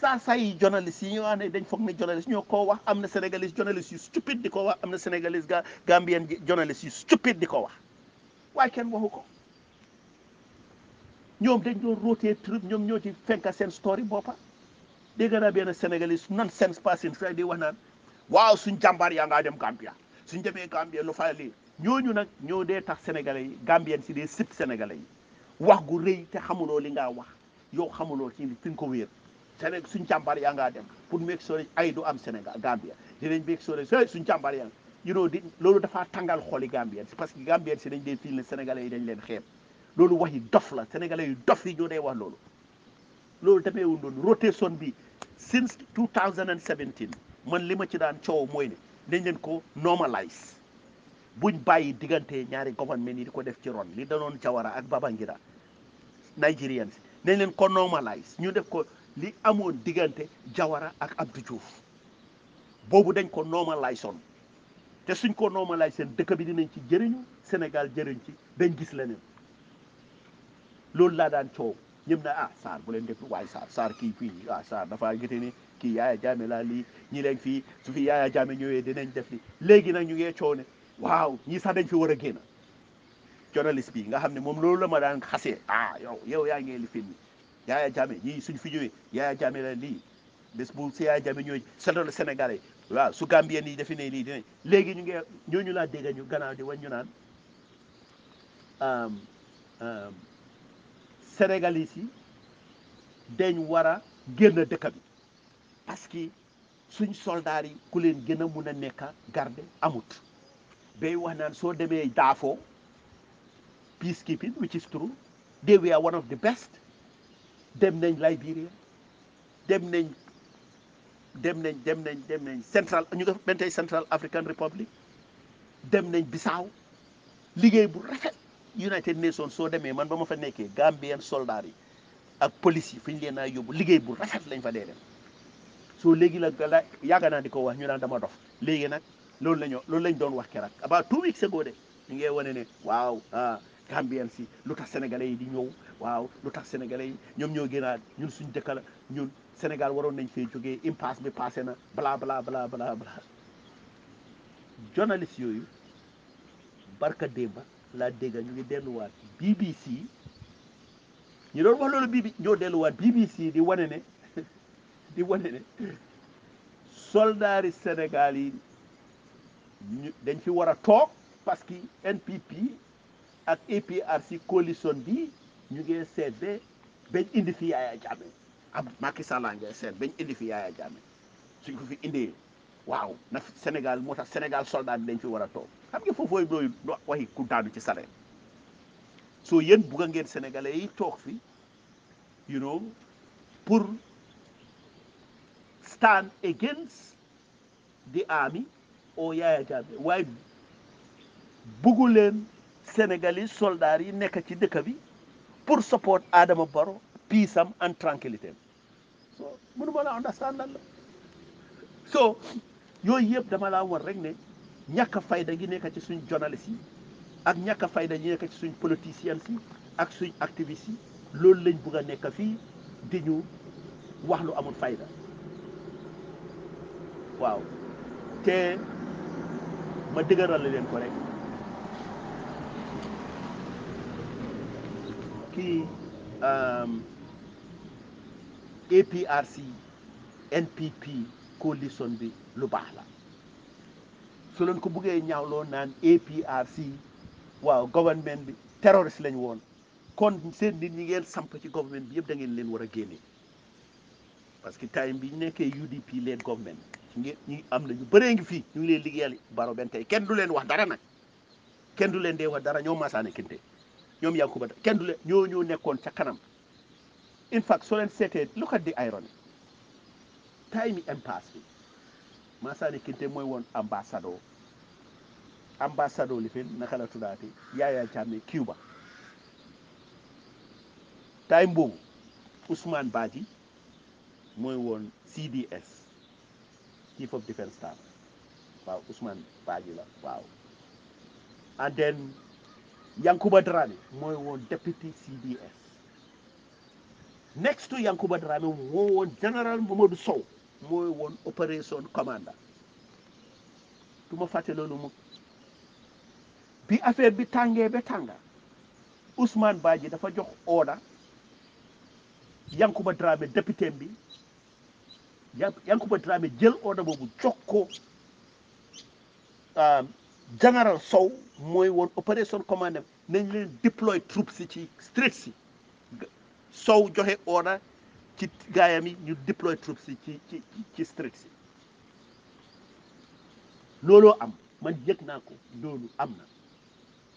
saa saa yi yi ñu wax ne dañ foog ne journaliste ñoo koo wax am na sénégalais journalist yu stupide di ko wax am na go? ga gambien journaliste yu stupide di ko wax waaye kenn waxu ko ñoom dañ doon going to ñoom ñoo ci fenka seen story boppa dégg naa benn sénégalais non sense passing sa di wax naan waaw suñ jàmbaar yaa ngaa dem Gambia suñ demee Gambia lu fa lii ñooñu nag ñoo dee tax sénégalais yi gambien si dee sib sénégalais yi wax gu rëy te xamuloo li ngaa wax yow xamuloo ci fi nga ko wéer Sénégal suñ càmbar yaa ngaa dem pour make sure ay du am Sénégal Gambia dinañ make sure suñ càmbar yaa you know di loolu dafaa tàngal xooli Gambien parce que Gambien si dañ dee fii ne Sénégalais yi dañ leen xeeb loolu wax yi dof la Sénégalais yu dof yi ñoo dee wax loolu loolu demee wu doon rotation bi since 2017 man li ma ci daan coow mooy ne dañ leen ko normalise buñ bàyyi diggante ñaari government yi di ko def ci ron li danoon Jawara ak Babangida Nigerians dañ leen ko normalise ñu def ko li amoon diggante Jawara ak Abdou Diouf boobu dañ ko normalisoon te suñ ko normalisoon dëkk bi dinañ ci jëriñu senegal jëriñ ci dañ gis leneen loolu laa daan coow ñëpp na ah Sarr bu leen def waaye Sarr Sarr kii fii ah Sarr dafa gëte ni kii Yaaya Jaame laa lii ñi leen su fi Yaaya Jaame ñëwee dinañ def li léegi nag ñu ngee coow ne waaw ñii sax dañ fi war a génna journaliste bi nga xam ne moom loolu la ma daan xasee ah yow yow yaa ngee li fi nii Yaya Jammeh ñii suñ fi ñëwee Yaya Jammeh la lii bés bu si Yaya Jammeh ñëwee santal Sénégalais waaw su Gambien yi defi ne nii dinañ léegi ñu ngi ñooñu laa dégg ñu gannaaw di wañ ñu naan Sénégalais yi dañ war a génn dëkk bi parce que suñ soldaar yi ku leen gën a mun a nekk garde amut bay wax naan soo demee daafoo peacekeeping which is true they were one of the best dem nañ Liberia dem nañ dem nañ dem nañ dem nañ central ñu def benn tey Central African Republic dem nañ Bissau liggéey bu rafet United Nations soo demee man ba ma fa nekkee Gambien soldats yi ak police yi fi ñu leen a liggéey bu rafet lañ fa dee dem soo léegi la la yàgg naa di ko wax ñu naan dama dof léegi nag loolu la ñu loolu lañ doon wax keroog about two weeks ago de ñu ngi wane ne waaw ah Gambien si lu tax sénégalais yi di ñëw. waaw lu tax sénégalais ñoom ñoo gënaat ñun suñ dëkk la ñun Sénégal waroon nañ fee jógee impasse bi passé na balaa balaa balaa bla bla journaliste yooyu barka démba laa dégga ñu ngi delluwaat BBC ñu doon wax loolu bii ñoo delluwaat BBC di wane ne [LAUGHS] di wane ne soldaari Sénégal yi ñu dañ fi war a toog parce que NPP ak APRC coalition bi ñu ngee seet ba bañ indi fi Yaya Jammeh am Macky Sall seet bañ indi fi Yaya Jammeh suñ ko fi indee waaw na Sénégal moo tax Sénégal soldat bi dañ fi war a toog xam nga foofooy dooyu waxi ku daanu ci sareet soo yéen bugg ngeen sénégalais yi toog fi you know pour stand against the army or Yaya Jammeh waaye buggu leen Sénégal yi soldats yi nekk ci dëkk bi pour support Adama Barrow peace am and tranquillité so mënuma laa understand lan la so yooyu yëpp dama la war rek ne ñàkk a fayda gi nekk ci suñ journaliste yi ak ñàkk a fayda gi nekk ci suñ politiciens yi ak suñ activistes yi loolu lañ bugg a nekk fii di ñu wax lu amul fayda waaw te ma dëgëral leen ko rek seperti um, APRC NPP coalition bi lu baax la su leen ko buggee ñaawloo naan APRC waaw government bi terroriste lañ woon kon seen nit ñi ngeen samp ci government bi yëpp da ngeen leen war a génne parce que time bi ñu nekkee UDP leen government ngeen ñi am na ñu bëree ngi fii ñu ngi leen liggéeyal baro ben tey kenn du leen wax dara nag kenn du leen dee wax dara ñoo maasaane kente ñoom Yankuba kenn du la ñoo ñoo nekkoon ca kanam in fact soo leen seetee look at the time impasse bi Massaly Kinte mooy woon ambassadeur ambassadeur li fi naka la tuddaati Yaya Jammeh Cuba time boobu Ousmane Badji mooy woon CDS Chief of Defence Staff waaw Ousmane Badji la waaw and then Yankuba Dramé mooy woon député CDS next to Yankuba Dramé moo woon général Mamadou Sow mooy woon opération commanda du ma fàtte loolu mu bi affaire bi tàngee ba tànga Ousmane Badji dafa jox order Yankuba Dramé député bi Yankuba Dramé jël order boobu jox ko euh, Général Sow mooy woon opération commandé nañ leen déployer troupes yi ci street si Sow joxe oda ci gaayam yi ñu déployer troupes yi ci ci ci street si looloo am man yëg naa ko loolu am na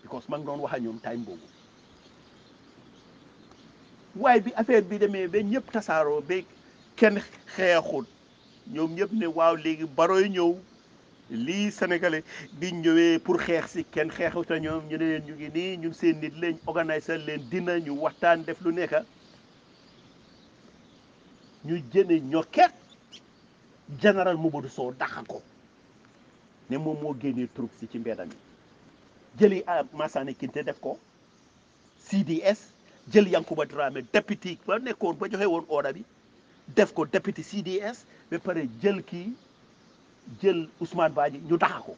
because ma ngi doon wax ak ñoom time boobu waaye bi affaire bi demee ba ñëpp tasaaroo be kenn xeexul ñoom ñëpp ne waaw léegi Barrow ñëw. lii sénégalais bi ñëwee pour xeex si kenn xeexu te ñoom ñu ne leen ñu ngi nii ñu seen nit lañ organiser leen dina ñu waxtaan def lu nekk ñu jëne ñokket général Momadou soo daxa ko ne moom moo génne troupe si ci mbedd mi jëli Massané Kinte def ko CDS jël Yankuba Dramé député ba nekkoon ba joxewoon woon bi def ko député CDS ba pare jël kii. jël Ousmane Badji ñu taxa ko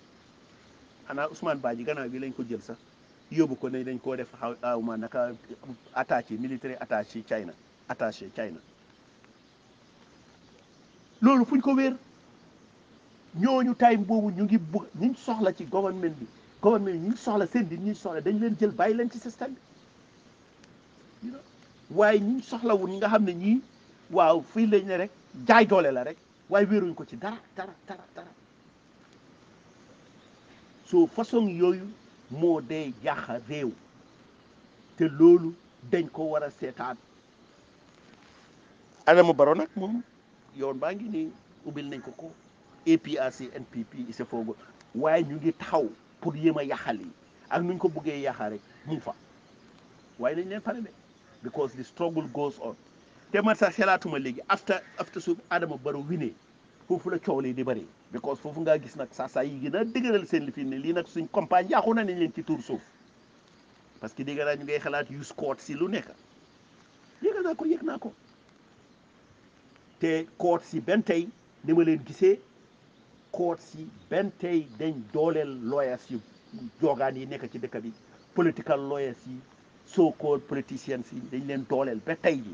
xanaa Ousmane Badji gannaaw bi lañ ko jël sax yóbbu ko ne dañ koo def xaw ma naka attaché militaire attaché China attaché China loolu fuñ ko wéer ñooñu time boobu ñu ngi bëgg ñu soxla ci gouvernement bi gouvernement bi soxla seen di ñu soxla dañ leen jël bàyyi leen ci système bi waaye ñu soxla wul ñi nga xam ne ñii waaw fii lañ rek jaay la rek waaye wéeruñ ko ci dara dara dara dara soo façon yooyu moo dee jaaxa réew te loolu dañ ko war a seetaan Adama Barrow nag moom yoon baa ngi nii ubbil nañ ko ko APRC NPP isa foogo waaye ñu ngi taxaw pour yéem a yàqal yi ak nuñ ko buggee yàqa rek mu fa waaye dañ leen pare de because the struggle goes on te man sax xelaatuma léegi afta afta su Adama Barrow winee foofu la coow lii di bari because foofu ngaa gis nag saa saa yi gën a dëgëral seen li fi ne lii nag suñ campagne yaaxu na nañ leen ci tuur suuf parce que dégg naa ñu ngay xalaat yu court si lu nekk yëg naa ko yëg naa ko te court si benn tey ni ma leen gisee court si benn tey dañ dooleel lawyers yu joogaan yi nekk ci dëkk bi political lawyers yi so called politicians yi dañ leen dooleel tey ji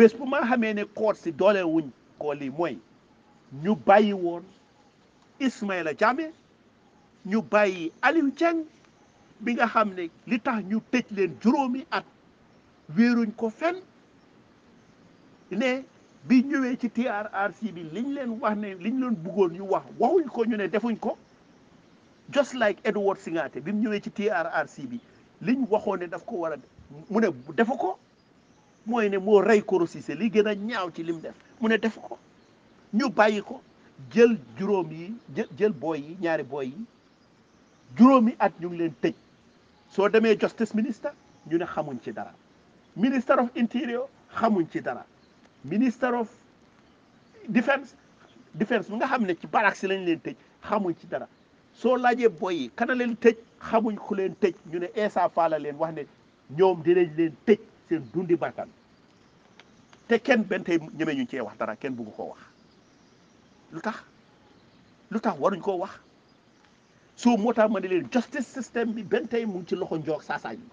bés bu ma xamee ne koot si doolewuñ wuñ mooy ñu bàyyi woon Ismaila Jammeh ñu bàyyi Aliou Dieng bi nga xam ne li tax ñu tëj leen juróomi at wéeruñ ko fen ne bi ñëwee ci TRRC bi liñ leen wax ne liñ leen bëggoon ñu wax waxuñ ko ñu ne defuñ ko just like Edward Singate bi mu ñëwee ci TRRC bi liñ waxoone ne daf ko war a mu ne defu ko mooy ne moo rey Koro Cissé li gën a ñaaw ci lim def mu ne def ko ñu bàyyi ko jël juróom yi jël booy yi ñaari booy yi juróomi at ñu ngi leen tëj soo demee justice minister ñu ne xamuñ ci dara minister of interior xamuñ ci dara minister of defense defense bi nga xam ne ci barak si lañ leen tëj xamuñ ci dara soo laajee booy yi kana leen tëj xamuñ ku leen tëj ñu ne Essa Faal leen wax ne ñoom dinañ leen tëj seen dundi bakkan te kenn benn tey ñeme ñu cee wax dara kenn bugg koo wax lu tax lu tax war waruñ koo wax soo moo tax ma ne leen justice système bi benn tey mu ci loxo njoog saasaañ bi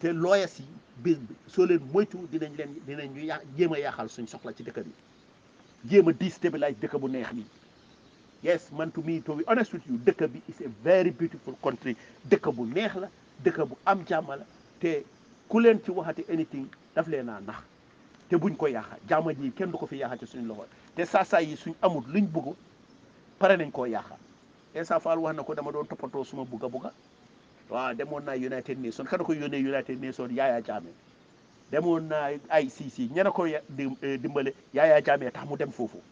te looyas yi biir bi soo leen moytu dinañ leen dinañ ñu ya jéem a yaaxal suñ soxla ci dëkk bi jéem a déstabilise dëkk bu neex bi yes man to me to be honest with you dëkk bi is a very beautiful country dëkk bu neex la dëkk bu am jàmm la te ku leen ci waxati anything daf leen naa nax te buñ ko yaaxa jaama ji kenn du ko fi yaaxa ci suñ loxo te saa yi suñ amul luñ bugg pare nañ koo yaaxa Essa Fall wax na ko dama doon toppatoo suma bugga bugga waaw demoon naa United Nations kan ko yónnee United Nations Yaya Jammeh demoon naa ICC ñene ko eh, dimbale Yaya Jammeh tax mu dem foofu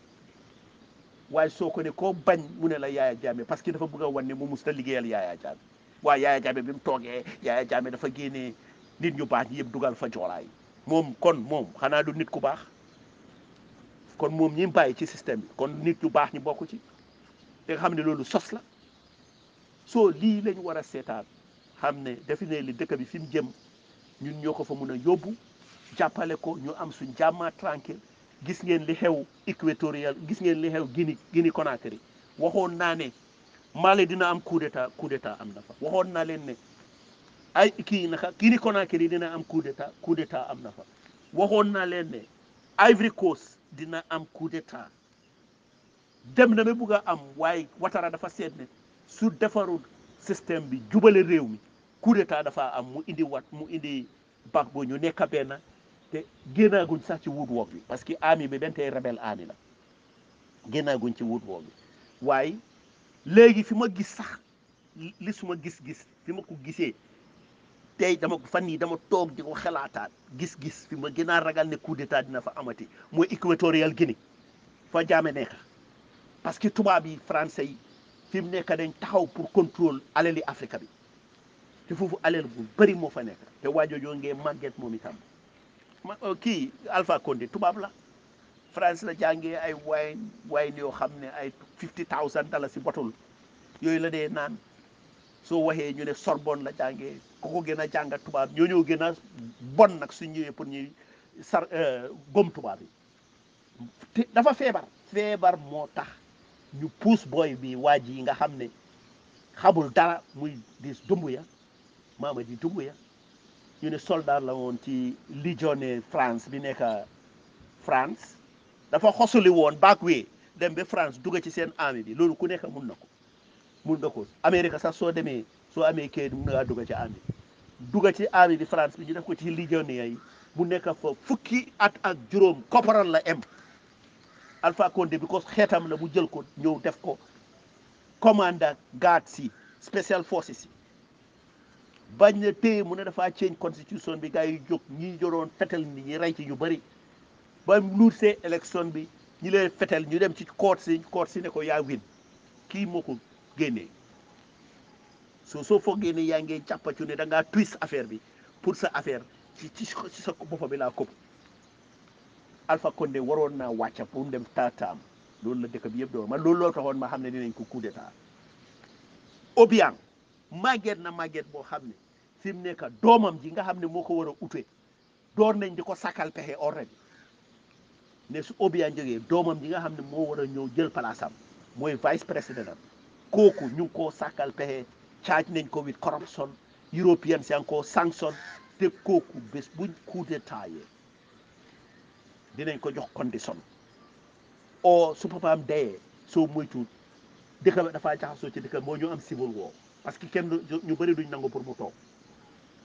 waaye soo ko ne bañ mu la Yaya Jammeh parce que dafa bëgg a wan ne mu musta liggéeyal Yaya Jammeh waaye Yaya Jammeh bi mu toogee Yaya Jammeh dafa génnee nit ñu baax ñi yëpp dugal fa joolaay moom kon moom xanaa du nit ku baax kon moom ñi bàyyi ci système bi kon nit ñu baax ñi bokk ci te xam ne loolu sos la soo lii lañ war a seetaan xam ne defe ne li dëkk bi fi mu jëm ñun ñoo ko fa mun a yóbbu jàppale ko ñu am suñ jàmmaa tranquille gis ngeen li xew équatorial gis ngeen li xew Guinée Guinée Conakry waxoon naa ne Mali dina am coup d'état coup d'état am na fa waxoon naa leen ne ay kii naka Guinée Conakry dina am coup d'état coup d'état am na fa waxoon naa leen ne Ivory Coast dina am coup d'état dem na ba bugg a am waaye Watara dafa seet ne su defarul système bi jubale réew mi coup d'état dafa am mu indi wat mu indi baax bo ñu nekk benn te génnaaguñ sax ci woodwork bi parce que ami bi dentey rebel ami la génnaaguñ ci woodwork bi waaye léegi fi ma gis sax li su ma gis-gis fi ma ko gisee tey dama fan yii dama toog di ko xalaataat gis-gis fi ma gën a ragal ne coup d'état dina fa amati mooy Équatorial Guinée fa jaame nekk parce que tubaab yi français yi fi mu nekk dañ taxaw pour contrôle alali Afrique bi te foofu alal bu bëri moo fa nekk te waajoojoo ngee màgget moom itam ma oh, kii Alpha Condé tubaab la France la jàngee ay wayn wayn yoo xam ne ay fifty thousand si botul yooyu la dee naan soo waxee ñu ne Sorbonne la jàngee ku ko gën a jàngat tubaab ñoo ñoo gën a bon nag suñ ñëwee pour ñuy sar euh, gom tubaab yi te dafa feebar feebar moo tax ñu puus booy bi waa ji yi nga xam ne xamul dara muy dis dumbu ya maama ji dumbu ya ñu ne soldat la woon ci légionnaire France bi nekk France dafa xosuli woon back way dem ba France dugg ci seen armée bi loolu ku nekk mun na ko mun nga ko Amérique sax soo demee soo amee kayit mun ngaa dugg ci armée dugg ci armée di France bi ñu def ko ci légionnaires yi mu nekk fa fukki at ak juróom corporal la em Alpha Condé bi ko xeetam la mu jël ko ñëw def ko commandant garde si special forces si bañ na téye mu ne dafaa change constitution bi gars yi jóg ñi joroon fetal ni ñi rey ci ñu bari ba luutee élection bi ñu leen fetel ñu dem ci court si court si ne ko yaa win kii moo ko génnee soo soo foogee ne yaa ngi càppacu ne danga ngaa twist affaire bi pour sa affaire ci ci sa boppam bi laa këpp Alpha de waroon naa wàcca pour dem taataam loolu la dëkk bi yëpp doon man loolu loo taxoon ma xam ne dinañ ko coup d'état Obiang na màgget boo xam ne fi mu nekk doomam ji nga xam ne moo ko war a utee door nañ di ko sakkal pexe already ne su Obiang jógee doomam ji nga xam ne moo war a ñëw jël palaasam mooy vice président am kooku ñu ngi koo sakkal pexe. charge nañ ko with corruption Europeans yaa ngi ko sanction te kooku bés buñ coup d'état dinañ ko jox condition o su papaam dayee soo moytuwul dëkk ba dafaa jaxasoo ci dëkk boo ñu am civil war parce que kenn ñu bari duñ nangu pour mu toog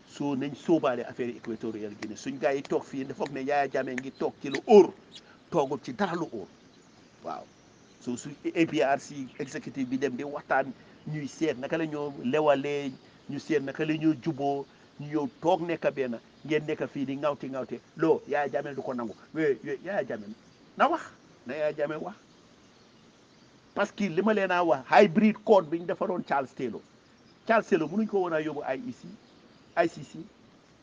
soo nañ sóobaale affaire équatoriale Guinée suñ gars yi toog fii dafa foog ne Yaya Jammeh ngi toog ci lu óor toogul ci dara lu óor waaw soo su APRC exécutif bi dem di waxtaan ñuy seet naka la lewalee ñu seet naka la juboo ñu yow toog nekka benn ngeen nekka fii di ŋawti ŋawti loo Yaya Jammeh du ko nangu we Yaya Jammeh na wax na Yaya Jammeh wax parce que li ma leen a wax hybrid code bi ñu defaroon Charles Taylor Charles Taylor mënuñ ko woon a yóbbu IEC ICC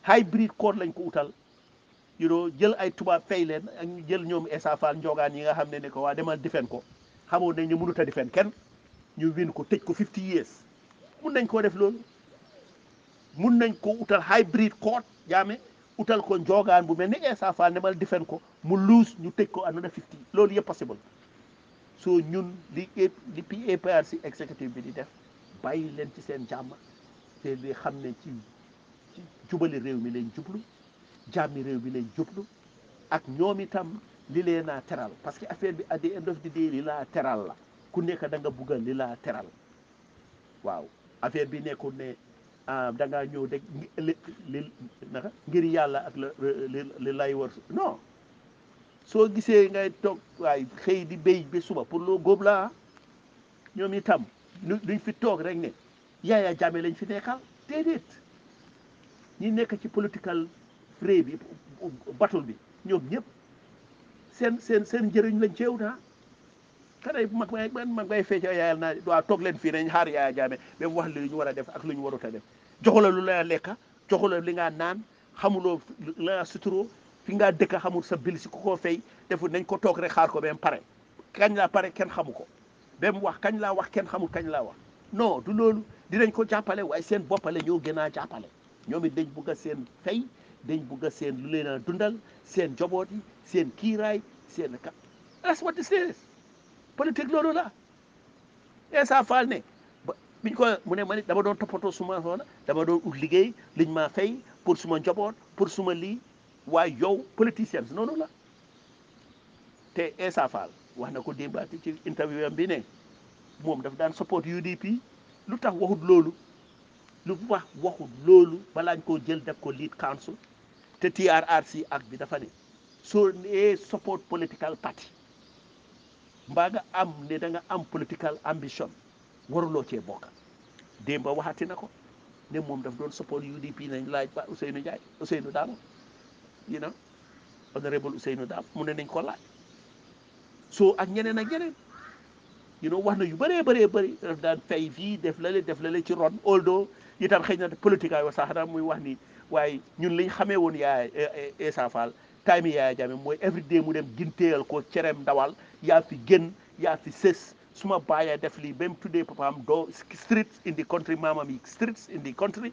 hybrid code lañ ko utal you know jël ay tubaab fay leen ak jël ñoom Essa Faal Njogaan yi nga xam ne ne ko waa demal difen ko xamoon nañ ñu mënut a difen kenn ñu win ko teg ko 50 years mun nañ koo def loolu mun nañ ko utal hybrid court jaame utal ko njoogaan bu mel ni Essa Faal ne ma defen ko mu luus ñu teg ko another loolu yëpp possible so ñun li li APRC executive bi di def bàyyi leen ci seen jàmm te di xam ne ci jubali réew mi leen jublu jàmmi réew mi leen jublu ak ñoom itam li leen a teral parce que affaire bi at the end of the day li laa teral la ku nekk danga nga bugg a teral waaw affaire bi nekkul ne ah, da ngaa ñëw de ngir yàlla ak la li lay war non soo gisee ngay toog waay xëy di béy ba suba pour loo góob laa ñoom itam duñ fi toog rek ne Yaya Jammeh lañ fi nekkal déedéet ñi nekk ci politikal fray bi batul bi ñoom ñëpp seen seen seen njëriñ lañ ceew naa tey mag may mag may fecc yaayal naa waaw toog leen fii nañ xaar yaaya jaame ba mu wax li ñu war a def ak lu ñu warut a def joxula lu la lekka joxula li nga naan xamuloo la suturo fi nga dëkk xamul sa bil si koo fay deful nañ ko toog rek xaar ko pare kañ laa pare kenn xamu ko ba mu wax kañ laa wax kenn xamul kañ laa wax non du loolu dinañ ko jàppale waaye seen boppale ñoo gën a jàppale ñoom it dañ bugg a seen fay dañ bugg a seen lu leen a dundal seen joboot seen kiiraay seen ka that's what this politique loolu la Essa Fall ne ba biñ ko mu ne ma ni dama doon toppatoo suma soxna dama doon ut liggéey liñ ma fay pour suma njaboot pour suma lii waaye yow politicien si noonu la te Essa Fall wax na ko démbaati ci interview am ne moom daf daan support UDP lu tax waxut loolu lu wax waxut loolu balaañ ko jël def ko lead council te TRRC ak bi dafa ne soo nee support political party mbaa nga am ne danga am political ambition waruloo cee bokk démba waxati na ko ne moom daf doon support UDP nañ laaj ba Ousseynou Ndiaye Ousseynou Dabo you know honorable Ousseynou ko laaj ak ñeneen ak ñeneen wax na yu bëree bare bëri daf daan fay fii def lale def la lale ci ron although itam xëy na politique ay wa sax muy wax ni waaye ñun liñ xamee woon yaay Essa eh, eh, Fall time yaaya jaame mooy everyday mu dem ginteeyal ko cereem ndawal yaa fi gën yaa fi sës suma baayee def lii ba mu tuddee papaam doo streets in the country maamam yi streets in the country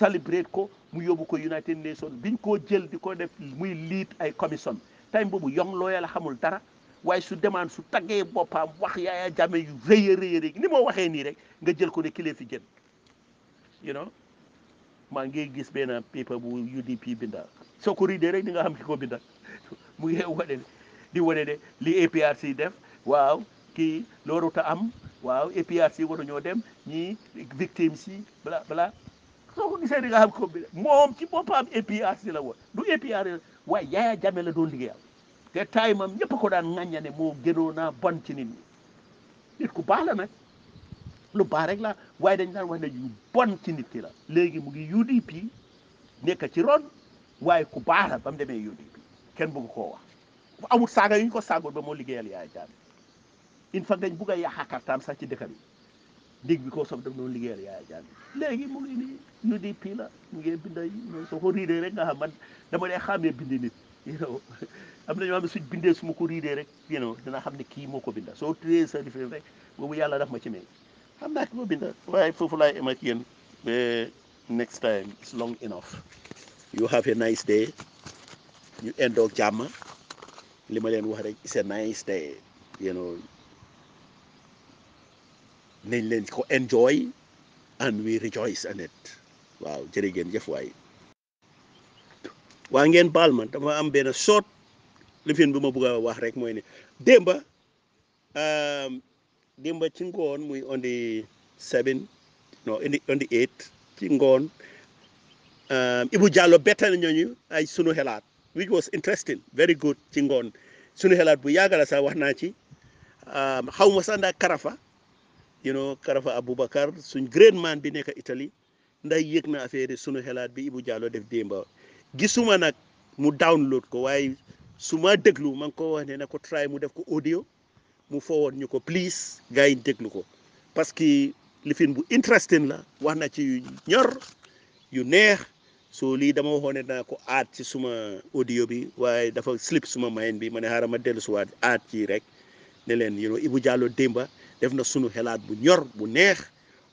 celebrate ko mu yóbbu ko United Nations biñ koo jël di ko def muy liit ay commission time boobu young lawyer la xamul dara waaye su demaan su taggee boppam wax yaaya jaame yu rëy a ni moo waxee nii rek nga jël ko ne kilee fi gën maa ngi gis benn paper bu soo ko riidee rek di nga xam ki ko bindal [LAUGHS] mu ngi wane di wane ne li APRC def waaw kii loolu ta am waaw APRC waruñoo dem ñi victimes yi bla bla soo ko gisee di nga xam ki ko bindal moom ci am APRC la woon waaye Yaya Jammeh la doon am te taay mam ñëpp ko daan ŋàñña ne moo gënoon a bon ci nit ñi nit ku baax la nag lu baax rek la waaye dañ daan wax ne yu bon ci nit ki la léegi mu ngi UDP nekk ci ron waaye ku baax la ba mu demee yónni kenn bëgg koo wax bu amul saaga yu ñu ko saagoon ba moo liggéeyal yaay jaam in fact dañ bugg a yàq kartaam sax ci dëkk bi ndig bi koo soog daf doon liggéeyal yaay jaam léegi mu ngi nii UDP la mu ngi bind yi soo ko riidee rek nga xam dama dee xàmmee bindi [LAUGHS] am na ñoo xam ne suñ bindee su ma rek you know xam ne kii moo ko binda soo tuddee sa rifé rek boobu yàlla daf ma ci may xam naa ki ko binda waaye foofu laay ema ak yéen ba next time it's long enough you have a nice day ñu indoog jàmm li ma leen wax rek it's a nice day you know nañ leen ko enjoy and we rejoice in it waaw jërë ngeen jëf waay waa ngeen baal ma dama am benn soot lifin bi ma bëgg wax rek mooy ne démba um, démba ci ngoon muy on the seven non on eight ci ngoon Um, Ibu Diallo bettal ñooñu ay sunu xelaat which was interesting very good ci ngoon sunu xelaat bu yàgg la sax wax naa ci um, xaw ma sax ndax Karafa you know Karafa Aboubacar suñ great man bi nekk Italie nday yëg na affaire sunu xelaat bi Ibu Diallo def démba gisuma nag mu download ko waaye su ma déglu ma ngi ko wax ne na ko try mu def ko audio mu forward ñu ko please gars yi déglu ko parce que lifin bu interesting la wax na ci yu ñor yu neex. so lii dama waxoon naa ko aat ci suma audio bi waaye dafa slip suma mayen bi ma ne xaaral ma dellu dellusiwaat aat ci rek ne leen yow Ibou Diallo démba def na sunu xelaat bu ñor bu neex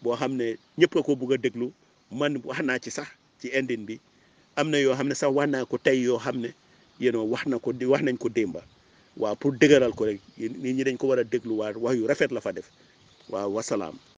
boo xam ne ñëpp a ko bëgg a déglu man wax naa ci sax ci indine bi am na yoo xam ne sax wax naa ko tey yoo xam ne yéen wax na ko wax nañ ko démba waaw pour dëgëral ko rek nit ñi dañ ko war a dégluwaat wax yu rafet la fa def waaw wasalaam.